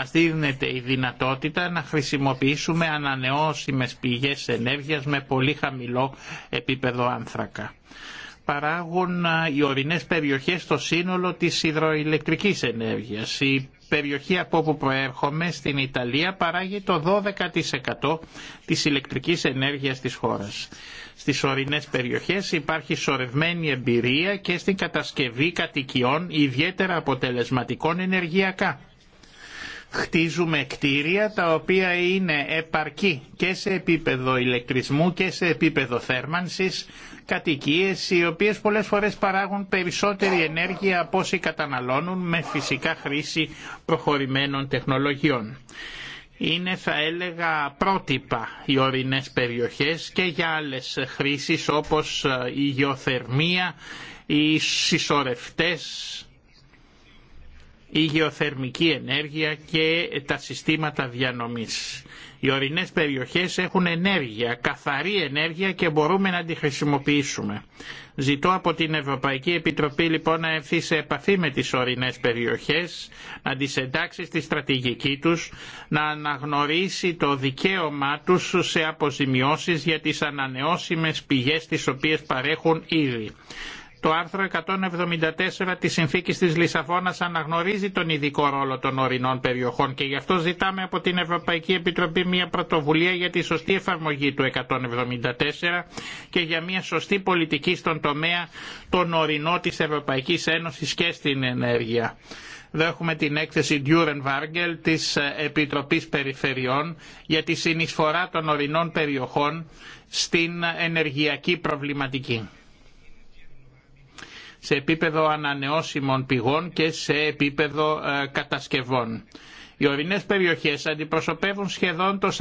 μας δίνεται η δυνατότητα να χρησιμοποιήσουμε ανανεώσιμες πηγές ενέργειας με πολύ χαμηλό επίπεδο άνθρακα. Παράγουν οι ορεινές περιοχές το σύνολο της υδροηλεκτρικής ενέργειας. Η περιοχή από όπου προέρχομαι στην Ιταλία παράγει το 12% της ηλεκτρικής ενέργειας της χώρας. Στις ορεινές περιοχές υπάρχει σορευμένη εμπειρία και στην κατασκευή κατοικιών ιδιαίτερα αποτελεσματικών ενεργειακά χτίζουμε κτίρια τα οποία είναι επαρκή και σε επίπεδο ηλεκτρισμού και σε επίπεδο θέρμανσης, κατοικίες οι οποίες πολλές φορές παράγουν περισσότερη ενέργεια από όσοι καταναλώνουν με φυσικά χρήση προχωρημένων τεχνολογιών. Είναι θα έλεγα πρότυπα οι ορεινές περιοχές και για άλλες χρήσεις όπως η γεωθερμία, οι συσσωρευτές, η γεωθερμική ενέργεια και τα συστήματα διανομής. Οι ορεινές περιοχές έχουν ενέργεια, καθαρή ενέργεια και μπορούμε να τη χρησιμοποιήσουμε. Ζητώ από την Ευρωπαϊκή Επιτροπή λοιπόν να έρθει σε επαφή με τις ορεινές περιοχές, να τις εντάξει στη στρατηγική τους, να αναγνωρίσει το δικαίωμά τους σε αποζημιώσεις για τις ανανεώσιμες πηγές τις οποίες παρέχουν ήδη. Το άρθρο 174 της Συνθήκης της Λισαβόνας αναγνωρίζει τον ειδικό ρόλο των ορεινών περιοχών και γι' αυτό ζητάμε από την Ευρωπαϊκή Επιτροπή μια πρωτοβουλία για τη σωστή εφαρμογή του 174 και για μια σωστή πολιτική στον τομέα των ορεινών της Ευρωπαϊκής Ένωσης και στην ενέργεια. Δέχουμε έχουμε την έκθεση Duren Vargel της Επιτροπής Περιφερειών για τη συνεισφορά των ορεινών περιοχών στην ενεργειακή προβληματική σε επίπεδο ανανεώσιμων πηγών και σε επίπεδο ε, κατασκευών. Οι ορεινές περιοχές αντιπροσωπεύουν σχεδόν το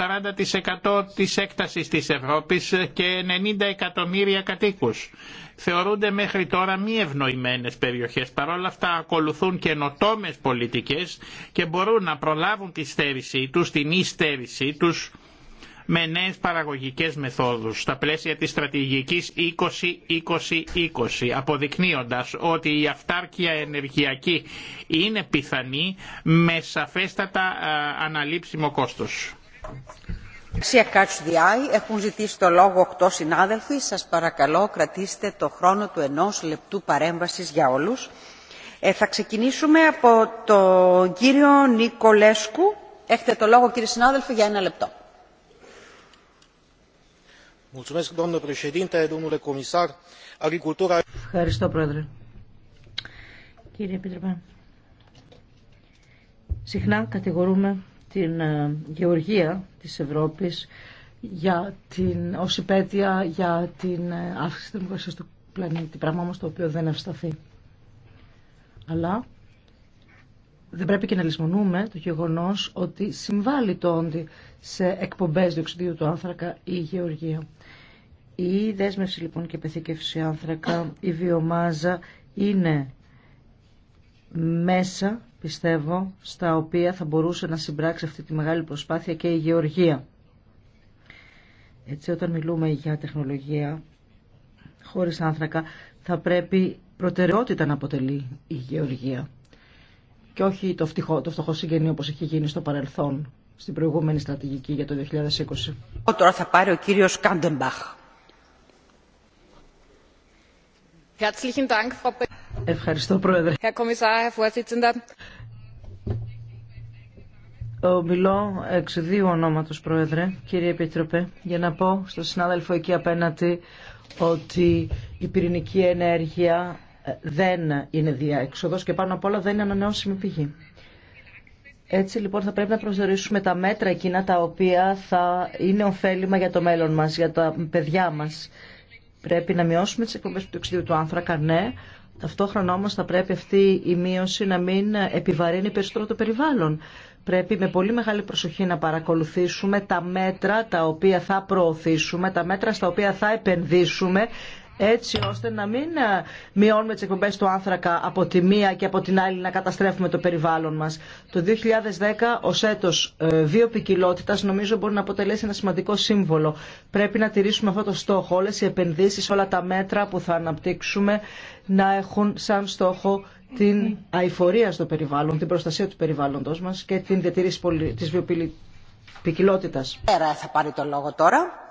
40% της έκτασης της Ευρώπης ε, και 90 εκατομμύρια κατοίκους. Θεωρούνται μέχρι τώρα μη ευνοημένες περιοχές. Παρόλα αυτά ακολουθούν καινοτόμε πολιτικές και μπορούν να προλάβουν τη στέρησή τους, την ειστέρησή τους, με νέε παραγωγικές μεθόδους στα πλαίσια τη στρατηγική 20 20-20-20 αποδεικνύοντας ότι η αυτάρκεια ενεργειακή είναι πιθανή με σαφέστατα αναλήψιμο κόστος. Σε έχουν ζητήσει το λόγο οκτώ συνάδελφοι. Σας παρακαλώ κρατήστε το χρόνο του ενός λεπτού παρέμβασης για όλους. Ε, θα ξεκινήσουμε από τον κύριο Νικολέσκου. Έχετε το λόγο κύριε συνάδελφο για ένα λεπτό. Ευχαριστώ, Πρόεδρε. Κύριε Επίτροπε, συχνά κατηγορούμε την ε, γεωργία της Ευρώπης για την, ως υπέτεια για την ε, αύξηση της θερμοκρασίας του πλανήτη, πράγμα όμως το οποίο δεν ευσταθεί. Αλλά δεν πρέπει και να λησμονούμε το γεγονός ότι συμβάλλει το όντι σε εκπομπές διοξιδίου του άνθρακα η γεωργία. Η δέσμευση λοιπόν και πεθήκευση άνθρακα, η βιομάζα είναι μέσα, πιστεύω, στα οποία θα μπορούσε να συμπράξει αυτή τη μεγάλη προσπάθεια και η γεωργία. Έτσι όταν μιλούμε για τεχνολογία χωρίς άνθρακα θα πρέπει προτεραιότητα να αποτελεί η γεωργία και όχι το, το φτωχό συγγενή όπως έχει γίνει στο παρελθόν στην προηγούμενη στρατηγική για το 2020. Τώρα θα πάρει ο κύριος Κάντεμπαχ. Ευχαριστώ, Πρόεδρε. Μιλώ εξ δύο ονόματος, Πρόεδρε, κύριε Επίτροπε, για να πω στον συνάδελφο εκεί απέναντι ότι η πυρηνική ενέργεια δεν είναι διέξοδος και πάνω απ' όλα δεν είναι ανανεώσιμη πηγή. Έτσι λοιπόν θα πρέπει να προσδιορίσουμε τα μέτρα εκείνα τα οποία θα είναι ωφέλιμα για το μέλλον μας, για τα παιδιά μας. Πρέπει να μειώσουμε τις εκπομπές του οξυδίου του άνθρακα, ναι. Ταυτόχρονα όμως θα πρέπει αυτή η μείωση να μην επιβαρύνει περισσότερο το περιβάλλον. Πρέπει με πολύ μεγάλη προσοχή να παρακολουθήσουμε τα μέτρα τα οποία θα προωθήσουμε, τα μέτρα στα οποία θα επενδύσουμε, έτσι ώστε να μην ε, μειώνουμε τις εκπομπές του άνθρακα από τη μία και από την άλλη να καταστρέφουμε το περιβάλλον μας. Το 2010 ως έτος ε, βιοπικιλότητας νομίζω μπορεί να αποτελέσει ένα σημαντικό σύμβολο. Πρέπει να τηρήσουμε αυτό το στόχο. Όλες οι επενδύσεις, όλα τα μέτρα που θα αναπτύξουμε να έχουν σαν στόχο την αηφορία στο περιβάλλον, την προστασία του περιβάλλοντος μας και την διατήρηση της βιοπικιλότητας. Πέρα θα πάρει το λόγο τώρα.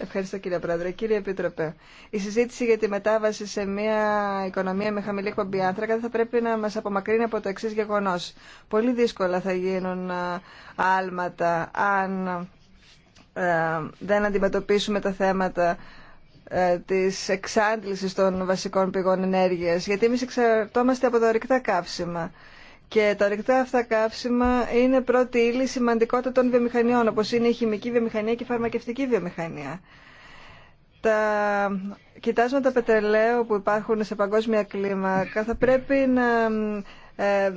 Ευχαριστώ κύριε Πρόεδρε. Κύριε Επίτροπε, η συζήτηση για τη μετάβαση σε μια οικονομία με χαμηλή εκπομπή άνθρακα θα πρέπει να μας απομακρύνει από το εξή γεγονός. Πολύ δύσκολα θα γίνουν άλματα αν ε, δεν αντιμετωπίσουμε τα θέματα ε, της εξάντλησης των βασικών πηγών ενέργειας, γιατί εμείς εξαρτώμαστε από τα ορυκτά καύσιμα. Και τα ρηκτά αυτά καύσιμα είναι πρώτη ύλη σημαντικότητα των βιομηχανιών, όπως είναι η χημική βιομηχανία και η φαρμακευτική βιομηχανία. Τα κοιτάσματα πετρελαίου που υπάρχουν σε παγκόσμια κλίμακα θα πρέπει να ε,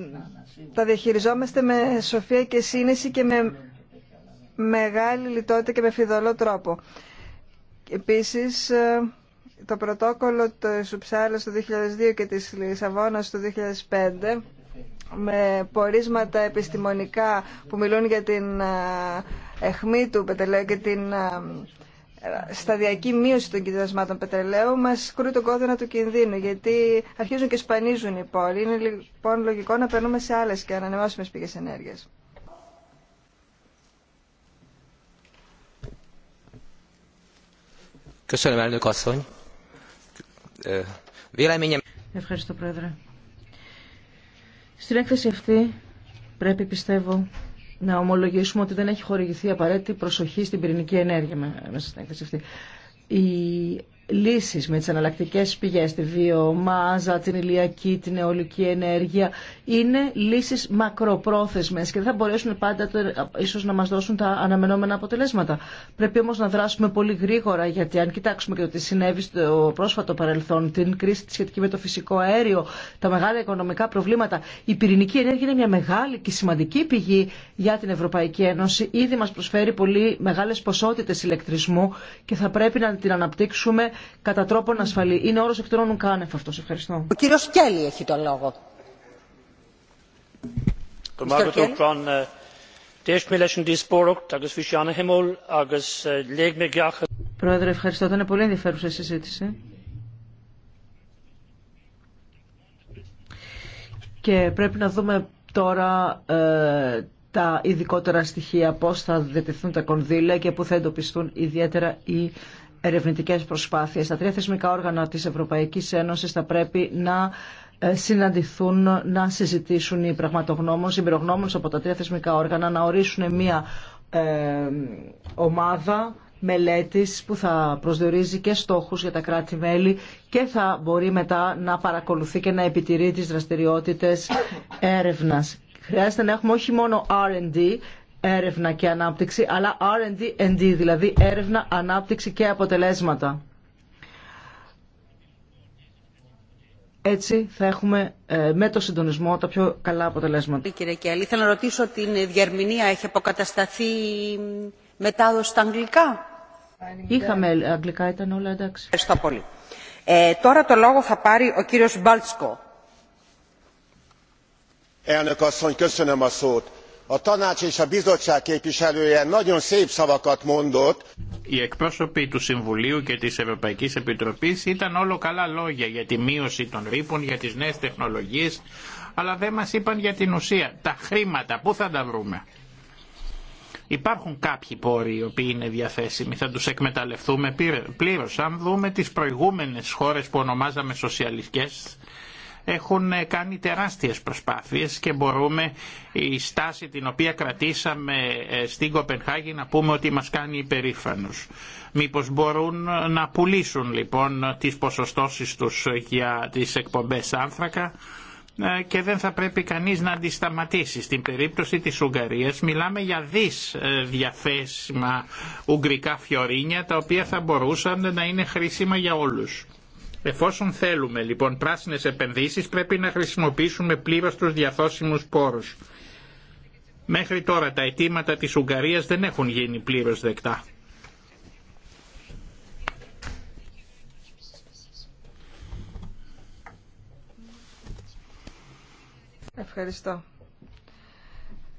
τα διαχειριζόμαστε με σοφία και σύνεση και με μεγάλη λιτότητα και με φιδωλό τρόπο. Επίσης, ε, το πρωτόκολλο του Σουψάλλας του 2002 και της Λισαβόνας του 2005 με πορίσματα επιστημονικά που μιλούν για την εχμή του πετρελαίου και την ε, σταδιακή μείωση των κοιτασμάτων πετρελαίου μας κρούει τον κόδωνα του κινδύνου γιατί αρχίζουν και σπανίζουν οι πόροι. Είναι λοιπόν λογικό να περνούμε σε άλλες και ανανεώσιμες πηγές ενέργειας. Ευχαριστώ, Πρόεδρε. Στην έκθεση αυτή πρέπει πιστεύω να ομολογήσουμε ότι δεν έχει χορηγηθεί απαραίτητη προσοχή στην πυρηνική ενέργεια μέσα στην έκθεση αυτή. Η λύσεις με τις αναλλακτικές πηγές, τη βιομάζα, την ηλιακή, την αιωλική ενέργεια, είναι λύσεις μακροπρόθεσμες και δεν θα μπορέσουν πάντα ίσως να μας δώσουν τα αναμενόμενα αποτελέσματα. Πρέπει όμως να δράσουμε πολύ γρήγορα γιατί αν κοιτάξουμε και ότι συνέβη στο πρόσφατο παρελθόν, την κρίση σχετική με το φυσικό αέριο, τα μεγάλα οικονομικά προβλήματα, η πυρηνική ενέργεια είναι μια μεγάλη και σημαντική πηγή για την Ευρωπαϊκή Ένωση. Ήδη μας προσφέρει πολύ μεγάλες ποσότητες ηλεκτρισμού και θα πρέπει να την αναπτύξουμε κατά τρόπον ασφαλή. Είναι όρος εκτελώνουν κάνευ αυτό. Ευχαριστώ. Ο κύριο Κέλλη έχει το λόγο. Äh, äh, Πρόεδρε, ευχαριστώ. Ήταν πολύ ενδιαφέρουσα η συζήτηση. Και πρέπει να δούμε τώρα ε, τα ειδικότερα στοιχεία, πώς θα διατεθούν τα κονδύλια και πού θα εντοπιστούν ιδιαίτερα οι Ερευνητικέ προσπάθειε. Τα τρία θεσμικά όργανα της Ευρωπαϊκής Ένωσης θα πρέπει να ε, συναντηθούν, να συζητήσουν οι πραγματογνώμων, οι από τα τρία θεσμικά όργανα, να ορίσουν μια ε, ομάδα μελέτης που θα προσδιορίζει και στόχους για τα κράτη-μέλη και θα μπορεί μετά να παρακολουθεί και να επιτηρεί τις δραστηριότητες έρευνας. Χρειάζεται να έχουμε όχι μόνο R&D, έρευνα και ανάπτυξη, αλλά R&D, δηλαδή έρευνα, ανάπτυξη και αποτελέσματα. Έτσι θα έχουμε ε, με το συντονισμό τα πιο καλά αποτελέσματα. Κύριε Κέλλη, θέλω να ρωτήσω την διερμηνία έχει αποκατασταθεί μετάδοση στα αγγλικά. Είχαμε αγγλικά, ήταν όλα εντάξει. Ευχαριστώ πολύ. Ε, τώρα το λόγο θα πάρει ο κύριος Μπάλτσκο. Elnök asszony, οι εκπρόσωποι του Συμβουλίου και της Ευρωπαϊκής Επιτροπής ήταν όλο καλά λόγια για τη μείωση των ρήπων, για τις νέες τεχνολογίες, αλλά δεν μας είπαν για την ουσία. Τα χρήματα, πού θα τα βρούμε. Υπάρχουν κάποιοι πόροι οι οποίοι είναι διαθέσιμοι, θα τους εκμεταλλευτούμε πλήρως. Αν δούμε τις προηγούμενες χώρες που ονομάζαμε σοσιαλιστικές, έχουν κάνει τεράστιες προσπάθειες και μπορούμε η στάση την οποία κρατήσαμε ε, στην Κοπενχάγη να πούμε ότι μας κάνει υπερήφανους. Μήπως μπορούν να πουλήσουν λοιπόν τις ποσοστώσεις τους για τις εκπομπές άνθρακα ε, και δεν θα πρέπει κανείς να αντισταματήσει. Στην περίπτωση της Ουγγαρίας μιλάμε για δις ε, διαθέσιμα ουγγρικά φιωρίνια τα οποία θα μπορούσαν να είναι χρήσιμα για όλους. Εφόσον θέλουμε λοιπόν πράσινες επενδύσεις πρέπει να χρησιμοποιήσουμε πλήρως τους διαθώσιμους πόρους. Μέχρι τώρα τα αιτήματα της Ουγγαρίας δεν έχουν γίνει πλήρως δεκτά. Ευχαριστώ.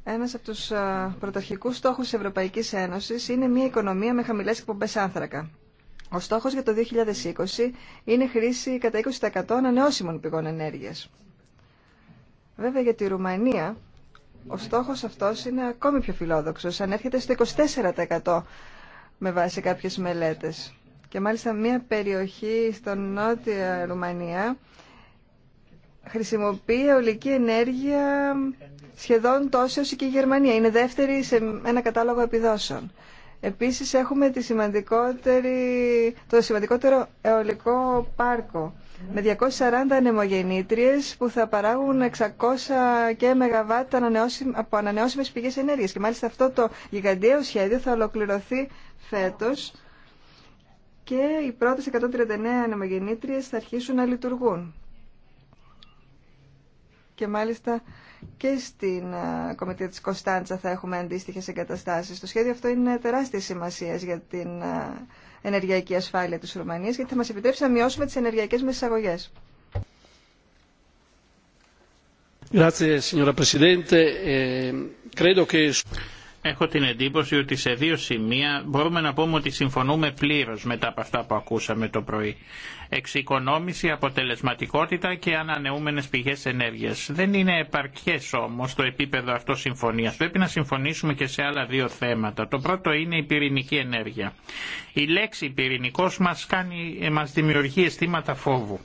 Ένας από τους πρωταρχικούς στόχους της Ευρωπαϊκής Ένωσης είναι μια οικονομία με χαμηλές εκπομπές άνθρακα. Ο στόχος για το 2020 είναι χρήση κατά 20% ανανεώσιμων πηγών ενέργειας. Βέβαια για τη Ρουμανία ο στόχος αυτός είναι ακόμη πιο φιλόδοξος, ανέρχεται στο 24% με βάση κάποιες μελέτες. Και μάλιστα μια περιοχή στο νότια Ρουμανία χρησιμοποιεί ολική ενέργεια σχεδόν τόσο όσο και η Γερμανία. Είναι δεύτερη σε ένα κατάλογο επιδόσεων. Επίσης έχουμε το σημαντικότερο αιωλικό πάρκο με 240 ανεμογεννήτριες που θα παράγουν 600 και μεγαβάτ από ανανεώσιμες πηγές ενέργειας. Και μάλιστα αυτό το γιγαντιαίο σχέδιο θα ολοκληρωθεί φέτος και οι πρώτες 139 ανεμογεννήτριες θα αρχίσουν να λειτουργούν και μάλιστα και στην Κομιτεία της Κωνσταντζα θα έχουμε αντίστοιχες εγκαταστάσεις. Το σχέδιο αυτό είναι τεράστια σημασία για την ενεργειακή ασφάλεια της Ρουμανίας γιατί θα μας επιτρέψει να μειώσουμε τις ενεργειακές μας εισαγωγές. Grazie ε, Έχω την εντύπωση ότι σε δύο σημεία μπορούμε να πούμε ότι συμφωνούμε πλήρως μετά από αυτά που ακούσαμε το πρωί. Εξοικονόμηση, αποτελεσματικότητα και ανανεούμενες πηγές ενέργειας. Δεν είναι επαρκές όμως το επίπεδο αυτό συμφωνίας. Πρέπει να συμφωνήσουμε και σε άλλα δύο θέματα. Το πρώτο είναι η πυρηνική ενέργεια. Η λέξη πυρηνικός μας, κάνει, μας δημιουργεί αισθήματα φόβου.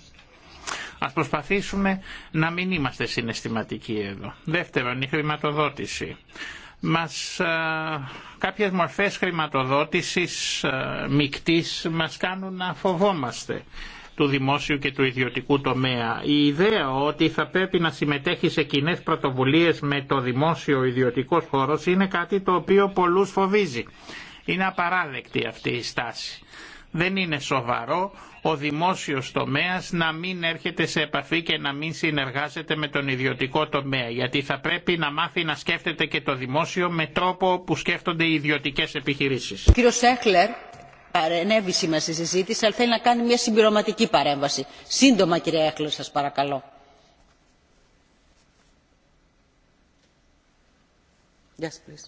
Ας προσπαθήσουμε να μην είμαστε συναισθηματικοί εδώ. Δεύτερον, η χρηματοδότηση μας, ε, κάποιες μορφές χρηματοδότησης ε, μικτής μας κάνουν να φοβόμαστε του δημόσιου και του ιδιωτικού τομέα. Η ιδέα ότι θα πρέπει να συμμετέχει σε κοινέ πρωτοβουλίες με το δημόσιο ιδιωτικό χώρο είναι κάτι το οποίο πολλούς φοβίζει. Είναι απαράδεκτη αυτή η στάση. Δεν είναι σοβαρό ο δημόσιος τομέας να μην έρχεται σε επαφή και να μην συνεργάζεται με τον ιδιωτικό τομέα, γιατί θα πρέπει να μάθει να σκέφτεται και το δημόσιο με τρόπο που σκέφτονται οι ιδιωτικές επιχειρήσεις. Κύριο κύριος Σέχλερ παρενέβη σήμερα στη συζήτηση, αλλά θέλει να κάνει μια συμπληρωματική παρέμβαση. Σύντομα κύριε Έχλερ, σας παρακαλώ. Yes, please.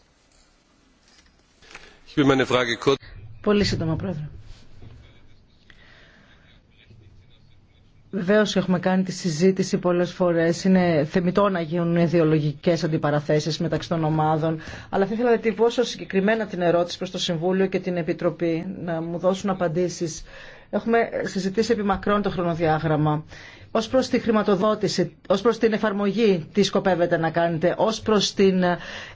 Πολύ σύντομα, Πρόεδρε. Βεβαίω έχουμε κάνει τη συζήτηση πολλέ φορέ. Είναι θεμητό να γίνουν ιδεολογικέ αντιπαραθέσει μεταξύ των ομάδων. Αλλά θα ήθελα να τυπώσω συγκεκριμένα την ερώτηση προ το Συμβούλιο και την Επιτροπή να μου δώσουν απαντήσει. Έχουμε συζητήσει επί μακρόν το χρονοδιάγραμμα. Ω προ τη χρηματοδότηση, ω προ την εφαρμογή, τι σκοπεύετε να κάνετε, ω προ την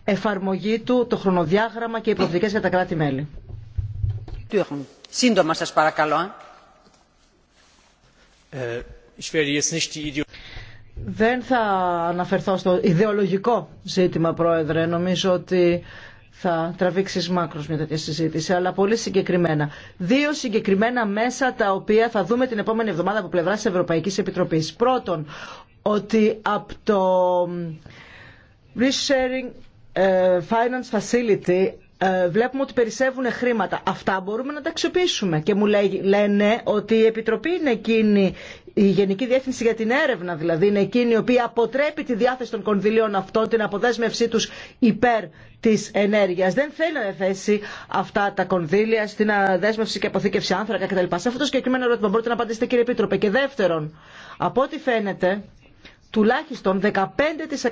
εφαρμογή του, το χρονοδιάγραμμα και οι προοπτικέ για τα κράτη-μέλη. Σύντομα, σα παρακαλώ. Ε. Äh, Δεν θα αναφερθώ στο ιδεολογικό ζήτημα, Πρόεδρε. Νομίζω ότι θα τραβήξει μάκρο μια τέτοια συζήτηση, αλλά πολύ συγκεκριμένα. Δύο συγκεκριμένα μέσα τα οποία θα δούμε την επόμενη εβδομάδα από πλευρά τη Ευρωπαϊκή Επιτροπή. Πρώτον, ότι από το Resharing ε, Finance Facility ε, βλέπουμε ότι περισσεύουν χρήματα. Αυτά μπορούμε να τα αξιοποιήσουμε. Και μου λένε ότι η Επιτροπή είναι εκείνη, η Γενική Διεύθυνση για την Έρευνα δηλαδή, είναι εκείνη η οποία αποτρέπει τη διάθεση των κονδυλίων αυτών, την αποδέσμευσή τους υπέρ της ενέργειας. Δεν θέλει να θέσει αυτά τα κονδύλια στην δέσμευση και αποθήκευση άνθρακα κτλ. Σε αυτό το συγκεκριμένο ερώτημα μπορείτε να απαντήσετε κύριε Επίτροπε. Και δεύτερον, από ό,τι φαίνεται, τουλάχιστον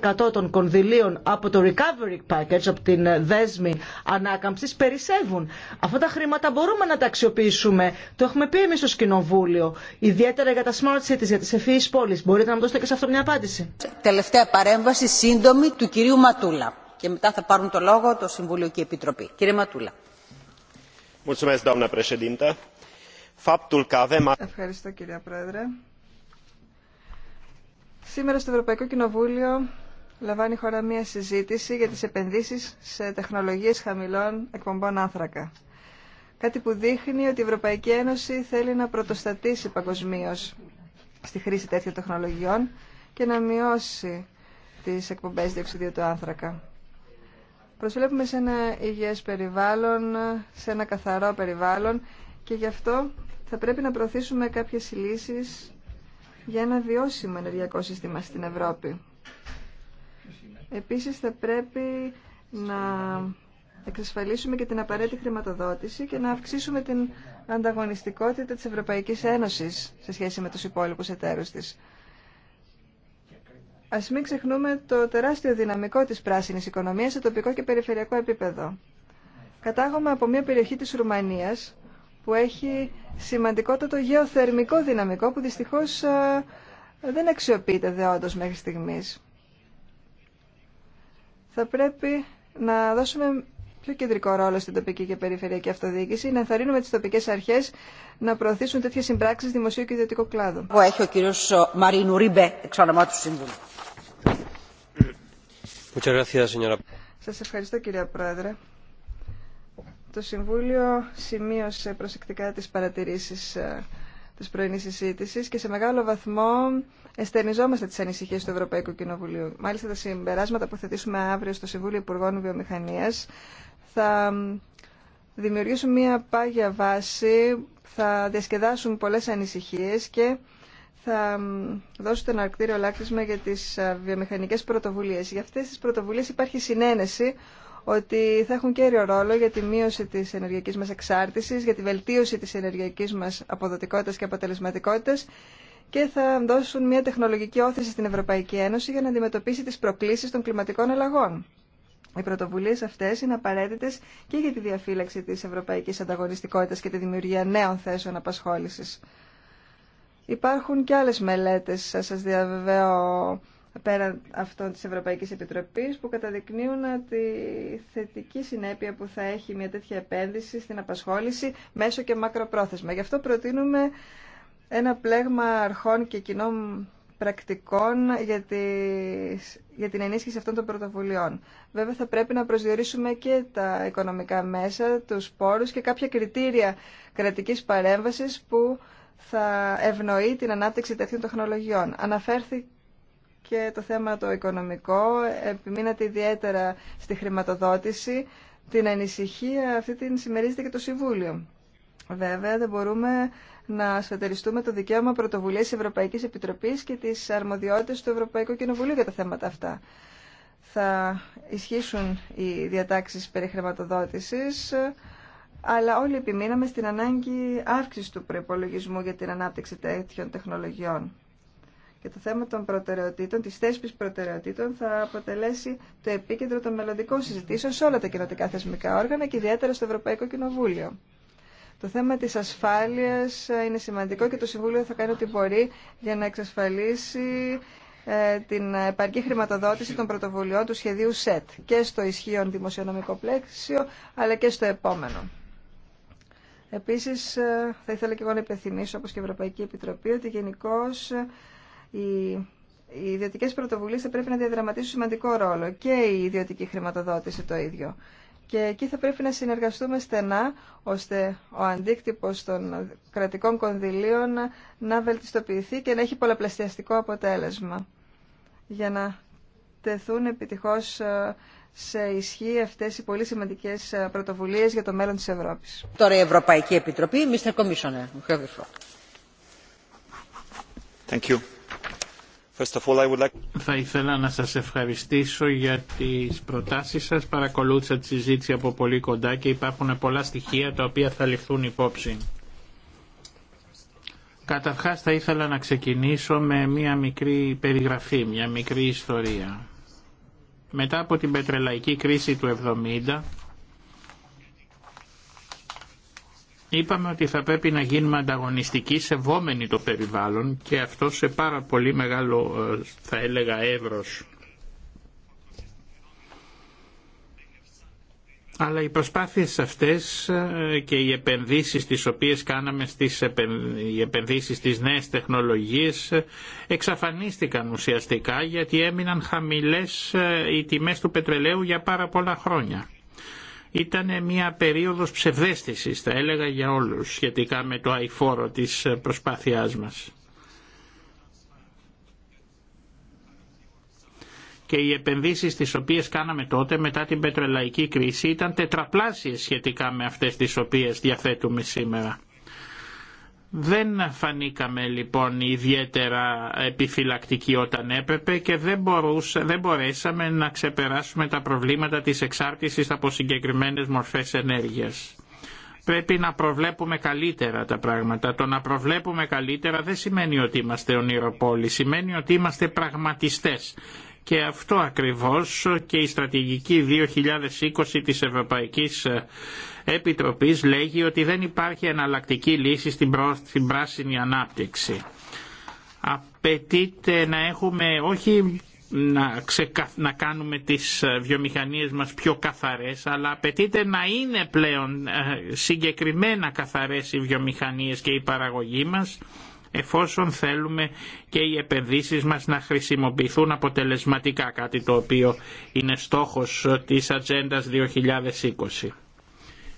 15% των κονδυλίων από το recovery package, από την ε, δέσμη ανάκαμψης, περισσεύουν. Αυτά τα χρήματα μπορούμε να τα αξιοποιήσουμε. Το έχουμε πει εμείς στο Κοινοβούλιο. Ιδιαίτερα για τα smart cities, για τις ευφυείς πόλεις. Μπορείτε να μου δώσετε και σε αυτό μια απάντηση. Τελευταία παρέμβαση σύντομη του κυρίου Ματούλα. Και μετά θα πάρουν το λόγο το Συμβούλιο και η Επιτροπή. Κύριε Ματούλα. Ευχαριστώ κυρία Πρόεδρε. Σήμερα στο Ευρωπαϊκό Κοινοβούλιο λαμβάνει η χώρα μια συζήτηση για τις επενδύσεις σε τεχνολογίες χαμηλών εκπομπών άνθρακα. Κάτι που δείχνει ότι η Ευρωπαϊκή Ένωση θέλει να πρωτοστατήσει παγκοσμίω στη χρήση τέτοιων τεχνολογιών και να μειώσει τις εκπομπές διοξιδίου του άνθρακα. Προσβλέπουμε σε ένα υγιές περιβάλλον, σε ένα καθαρό περιβάλλον και γι' αυτό θα πρέπει να προωθήσουμε κάποιες λύσεις για ένα βιώσιμο ενεργειακό σύστημα στην Ευρώπη. Επίσης θα πρέπει να εξασφαλίσουμε και την απαραίτητη χρηματοδότηση και να αυξήσουμε την ανταγωνιστικότητα της Ευρωπαϊκής Ένωσης σε σχέση με τους υπόλοιπους εταίρους της. Ας μην ξεχνούμε το τεράστιο δυναμικό της πράσινης οικονομίας σε τοπικό και περιφερειακό επίπεδο. Κατάγομαι από μια περιοχή της Ρουμανίας που έχει σημαντικότατο γεωθερμικό δυναμικό που δυστυχώς ε, δεν αξιοποιείται δεόντως μέχρι στιγμής. Θα πρέπει να δώσουμε πιο κεντρικό ρόλο στην τοπική και περιφερειακή αυτοδιοίκηση, να ενθαρρύνουμε τις τοπικές αρχές να προωθήσουν τέτοιες συμπράξεις δημοσίου και ιδιωτικού κλάδου. Έχει ο κύριος ε, Σας ευχαριστώ κυρία Πρόεδρε. Το Συμβούλιο σημείωσε προσεκτικά τις παρατηρήσεις ε, της πρωινής συζήτηση και σε μεγάλο βαθμό εστερνιζόμαστε τις ανησυχίες του Ευρωπαϊκού Κοινοβουλίου. Μάλιστα τα συμπεράσματα που θετήσουμε αύριο στο Συμβούλιο Υπουργών Βιομηχανίας θα δημιουργήσουν μια πάγια βάση, θα διασκεδάσουν πολλές ανησυχίες και θα δώσουν ένα αρκτήριο λάκτισμα για τις ε, βιομηχανικές πρωτοβουλίες. Για αυτές τις πρωτοβουλίες υπάρχει συνένεση ότι θα έχουν κέριο ρόλο για τη μείωση της ενεργειακής μας εξάρτησης, για τη βελτίωση της ενεργειακής μας αποδοτικότητας και αποτελεσματικότητας και θα δώσουν μια τεχνολογική όθηση στην Ευρωπαϊκή Ένωση για να αντιμετωπίσει τις προκλήσεις των κλιματικών αλλαγών. Οι πρωτοβουλίες αυτές είναι απαραίτητες και για τη διαφύλαξη της ευρωπαϊκής ανταγωνιστικότητας και τη δημιουργία νέων θέσεων απασχόλησης. Υπάρχουν και άλλες μελέτες, σας διαβεβαίω, πέραν αυτών της Ευρωπαϊκής Επιτροπής που καταδεικνύουν τη θετική συνέπεια που θα έχει μια τέτοια επένδυση στην απασχόληση μέσω και μακροπρόθεσμα. Γι' αυτό προτείνουμε ένα πλέγμα αρχών και κοινών πρακτικών για, για την ενίσχυση αυτών των πρωτοβουλειών. Βέβαια θα πρέπει να προσδιορίσουμε και τα οικονομικά μέσα, τους πόρους και κάποια κριτήρια κρατικής παρέμβασης που θα ευνοεί την ανάπτυξη τέτοιων τεχνολογιών και το θέμα το οικονομικό. Επιμείνατε ιδιαίτερα στη χρηματοδότηση. Την ανησυχία αυτή την συμμερίζεται και το Συμβούλιο. Βέβαια, δεν μπορούμε να σφετεριστούμε το δικαίωμα πρωτοβουλία τη Ευρωπαϊκή Επιτροπή και τι αρμοδιότητε του Ευρωπαϊκού Κοινοβουλίου για τα θέματα αυτά. Θα ισχύσουν οι διατάξει περί χρηματοδότηση, αλλά όλοι επιμείναμε στην ανάγκη αύξηση του προπολογισμού για την ανάπτυξη τέτοιων τεχνολογιών και το θέμα των προτεραιοτήτων, τη θέσπης προτεραιοτήτων θα αποτελέσει το επίκεντρο των μελλοντικών συζητήσεων σε όλα τα κοινοτικά θεσμικά όργανα και ιδιαίτερα στο Ευρωπαϊκό Κοινοβούλιο. Το θέμα της ασφάλειας ε, είναι σημαντικό και το Συμβούλιο θα κάνει ό,τι μπορεί για να εξασφαλίσει ε, την επαρκή χρηματοδότηση των πρωτοβουλειών του σχεδίου ΣΕΤ και στο ισχύον δημοσιονομικό πλαίσιο αλλά και στο επόμενο. Επίσης ε, θα ήθελα και εγώ να υπενθυμίσω όπως και η Ευρωπαϊκή Επιτροπή ότι γενικώ οι, οι ιδιωτικέ πρωτοβουλίε θα πρέπει να διαδραματίσουν σημαντικό ρόλο και η ιδιωτική χρηματοδότηση το ίδιο. Και εκεί θα πρέπει να συνεργαστούμε στενά, ώστε ο αντίκτυπος των κρατικών κονδυλίων να βελτιστοποιηθεί και να έχει πολλαπλασιαστικό αποτέλεσμα. Για να τεθούν επιτυχώς ε, σε ισχύ αυτές οι πολύ σημαντικές ε, πρωτοβουλίες για το μέλλον της Ευρώπης. Τώρα η Ευρωπαϊκή Επιτροπή, Mr. Commissioner. Thank you. Θα ήθελα να σας ευχαριστήσω για τις προτάσεις σας. Παρακολούθησα τη συζήτηση από πολύ κοντά και υπάρχουν πολλά στοιχεία τα οποία θα ληφθούν υπόψη. Καταρχάς θα ήθελα να ξεκινήσω με μια μικρή περιγραφή, μια μικρή ιστορία. Μετά από την πετρελαϊκή κρίση του 70, Είπαμε ότι θα πρέπει να γίνουμε ανταγωνιστικοί σεβόμενοι το περιβάλλον και αυτό σε πάρα πολύ μεγάλο ε, θα έλεγα εύρος. Αλλά οι προσπάθειες αυτές ε, και οι επενδύσεις τις οποίες κάναμε στις οι επενδύσεις στις νέες τεχνολογίες ε, εξαφανίστηκαν ουσιαστικά γιατί έμειναν χαμηλές οι τιμές του πετρελαίου για πάρα πολλά χρόνια. Ήταν μια περίοδος ψευδέστησης, θα έλεγα για όλους, σχετικά με το αηφόρο της προσπάθειάς μας. και οι επενδύσεις τις οποίες κάναμε τότε μετά την πετρελαϊκή κρίση ήταν τετραπλάσιες σχετικά με αυτές τις οποίες διαθέτουμε σήμερα. Δεν φανήκαμε λοιπόν ιδιαίτερα επιφυλακτικοί όταν έπρεπε και δεν, μπορούσα, μπορέσαμε να ξεπεράσουμε τα προβλήματα της εξάρτησης από συγκεκριμένες μορφές ενέργειας. Πρέπει να προβλέπουμε καλύτερα τα πράγματα. Το να προβλέπουμε καλύτερα δεν σημαίνει ότι είμαστε ονειροπόλοι, σημαίνει ότι είμαστε πραγματιστές. Και αυτό ακριβώς και η στρατηγική 2020 της Ευρωπαϊκής Επιτροπής λέγει ότι δεν υπάρχει εναλλακτική λύση στην πράσινη ανάπτυξη. Απαιτείται να έχουμε όχι να, να κάνουμε τις ε, βιομηχανίες μας πιο καθαρές, αλλά απαιτείται να είναι πλέον ε, συγκεκριμένα καθαρές οι βιομηχανίες και η παραγωγή μας, εφόσον θέλουμε και οι επενδύσεις μας να χρησιμοποιηθούν αποτελεσματικά, κάτι το οποίο είναι στόχος ε, της Ατζέντα 2020.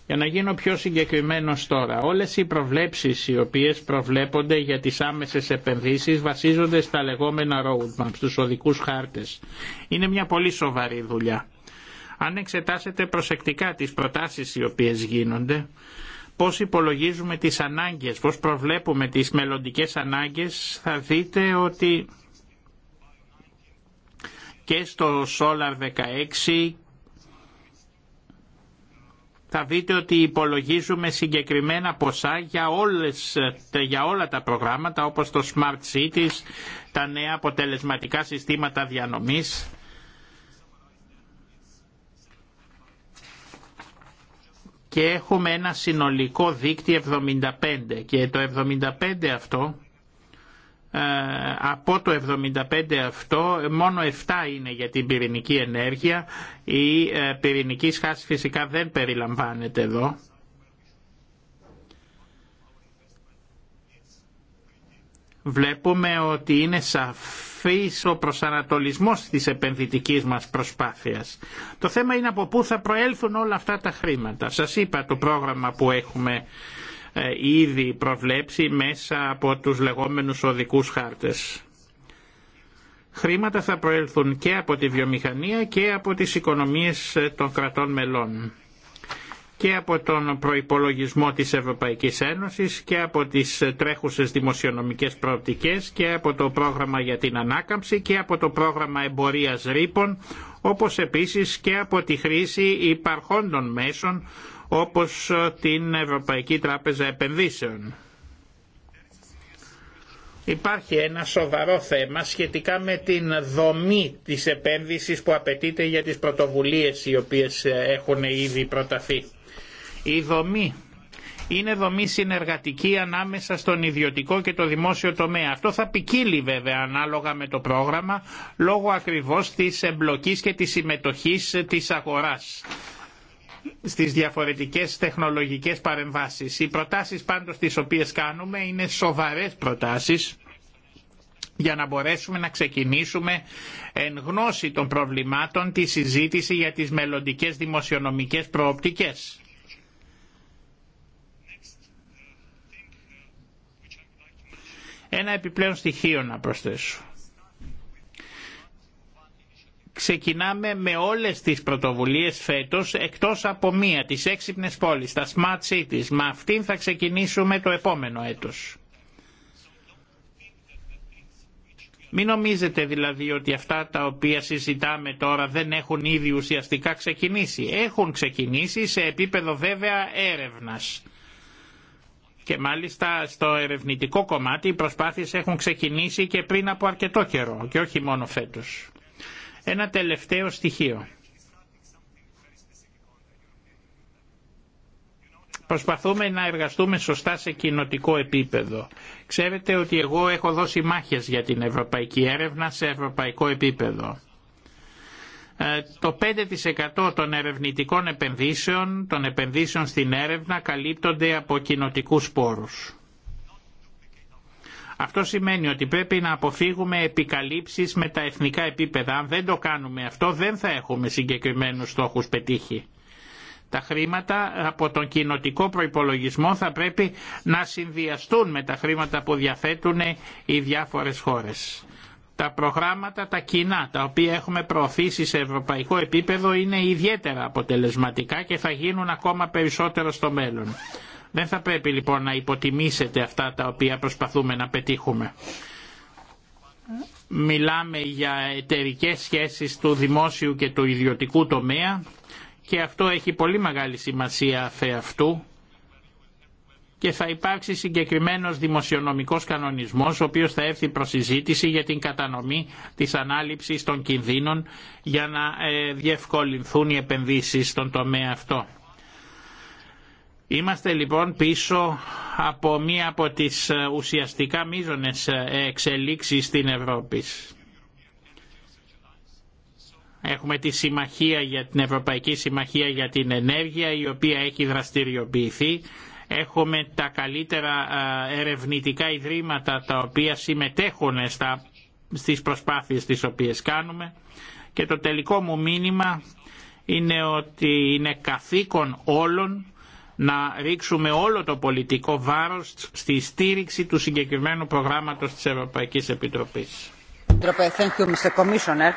Για να γίνω πιο συγκεκριμένος τώρα, όλες οι προβλέψεις οι οποίες προβλέπονται για τις άμεσες επενδύσεις βασίζονται στα λεγόμενα roadmaps, στου οδικούς χάρτες. Είναι μια πολύ σοβαρή δουλειά. Αν εξετάσετε προσεκτικά τις προτάσεις οι οποίες γίνονται, πώς υπολογίζουμε τις ανάγκες, πώς προβλέπουμε τις μελλοντικές ανάγκες, θα δείτε ότι και στο Solar 16 θα δείτε ότι υπολογίζουμε συγκεκριμένα ποσά για, όλες, για όλα τα προγράμματα όπως το Smart Cities, τα νέα αποτελεσματικά συστήματα διανομής. Και έχουμε ένα συνολικό δίκτυο 75 και το 75 αυτό ε, από το 75 αυτό μόνο 7 είναι για την πυρηνική ενέργεια. Η ε, πυρηνική σχάση φυσικά δεν περιλαμβάνεται εδώ. Βλέπουμε ότι είναι σαφής ο προσανατολισμός της επενδυτικής μας προσπάθειας. Το θέμα είναι από πού θα προέλθουν όλα αυτά τα χρήματα. Σας είπα το πρόγραμμα που έχουμε ε, ήδη προβλέψει μέσα από τους λεγόμενους οδικούς χάρτες. Χρήματα θα προέλθουν και από τη βιομηχανία και από τις οικονομίες ε, των κρατών μελών και από τον προϋπολογισμό της Ευρωπαϊκής Ένωσης και από τις ε, τρέχουσες δημοσιονομικές προοπτικές και από το πρόγραμμα για την ανάκαμψη και από το πρόγραμμα εμπορίας ρήπων όπως επίσης και από τη χρήση υπαρχόντων μέσων όπως ε, την Ευρωπαϊκή Τράπεζα Επενδύσεων. Υπάρχει ένα σοβαρό θέμα σχετικά με την δομή της επένδυσης που απαιτείται για τις πρωτοβουλίες οι οποίες ε, έχουν ήδη προταθεί. Η δομή είναι δομή συνεργατική ανάμεσα στον ιδιωτικό και το δημόσιο τομέα. Αυτό θα ποικίλει βέβαια ανάλογα με το πρόγραμμα λόγω ακριβώς της εμπλοκής και της συμμετοχής της αγοράς στις διαφορετικές τεχνολογικές παρεμβάσεις. Οι προτάσεις πάντως τις οποίες κάνουμε είναι σοβαρές προτάσεις για να μπορέσουμε να ξεκινήσουμε εν γνώση των προβλημάτων τη συζήτηση για τις μελλοντικέ δημοσιονομικές προοπτικές. Ένα επιπλέον στοιχείο να προσθέσω ξεκινάμε με όλες τις πρωτοβουλίες φέτος εκτός από μία, τις έξυπνες πόλεις, τα smart cities. Με αυτήν θα ξεκινήσουμε το επόμενο έτος. Μην νομίζετε δηλαδή ότι αυτά τα οποία συζητάμε τώρα δεν έχουν ήδη ουσιαστικά ξεκινήσει. Έχουν ξεκινήσει σε επίπεδο βέβαια έρευνας. Και μάλιστα στο ερευνητικό κομμάτι οι προσπάθειες έχουν ξεκινήσει και πριν από αρκετό καιρό και όχι μόνο φέτος. Ένα τελευταίο στοιχείο. Προσπαθούμε να εργαστούμε σωστά σε κοινοτικό επίπεδο. Ξέρετε ότι εγώ έχω δώσει μάχες για την ευρωπαϊκή έρευνα σε ευρωπαϊκό επίπεδο. Ε, το 5% των ερευνητικών επενδύσεων, των επενδύσεων στην έρευνα, καλύπτονται από κοινοτικούς πόρους. Αυτό σημαίνει ότι πρέπει να αποφύγουμε επικαλύψεις με τα εθνικά επίπεδα. Αν δεν το κάνουμε αυτό δεν θα έχουμε συγκεκριμένους στόχους πετύχει. Τα χρήματα από τον κοινοτικό προϋπολογισμό θα πρέπει να συνδυαστούν με τα χρήματα που διαθέτουν οι διάφορες χώρες. Τα προγράμματα τα κοινά τα οποία έχουμε προωθήσει σε ευρωπαϊκό επίπεδο είναι ιδιαίτερα αποτελεσματικά και θα γίνουν ακόμα περισσότερο στο μέλλον. Δεν θα πρέπει λοιπόν να υποτιμήσετε αυτά τα οποία προσπαθούμε να πετύχουμε. Μιλάμε για εταιρικέ σχέσεις του δημόσιου και του ιδιωτικού τομέα και αυτό έχει πολύ μεγάλη σημασία αφ' αυτού και θα υπάρξει συγκεκριμένος δημοσιονομικός κανονισμός ο οποίος θα έρθει προς συζήτηση για την κατανομή της ανάληψης των κινδύνων για να ε, διευκολυνθούν οι επενδύσεις στον τομέα αυτό. Είμαστε λοιπόν πίσω από μία από τις ε, ουσιαστικά μείζονες ε, εξελίξεις στην Ευρώπη. Έχουμε τη συμμαχία για την Ευρωπαϊκή Συμμαχία για την Ενέργεια η οποία έχει δραστηριοποιηθεί. Έχουμε τα καλύτερα ε, ερευνητικά ιδρύματα τα οποία συμμετέχουν στα, στις προσπάθειες τις οποίες κάνουμε. Και το τελικό μου μήνυμα είναι ότι είναι καθήκον όλων να ρίξουμε όλο το πολιτικό βάρος στη στήριξη του συγκεκριμένου προγράμματος της Ευρωπαϊκής Επιτροπής. Thank Commissioner.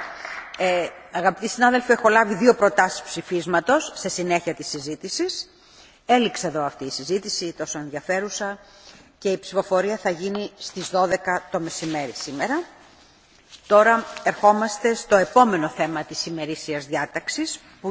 Ε, αγαπητοί συνάδελφοι, έχω λάβει δύο προτάσεις ψηφίσματος σε συνέχεια της συζήτησης. Έληξε εδώ αυτή η συζήτηση, τόσο ενδιαφέρουσα, και η ψηφοφορία θα γίνει στις 12 το μεσημέρι σήμερα. Τώρα ερχόμαστε στο επόμενο θέμα της ημερήσιας διάταξης,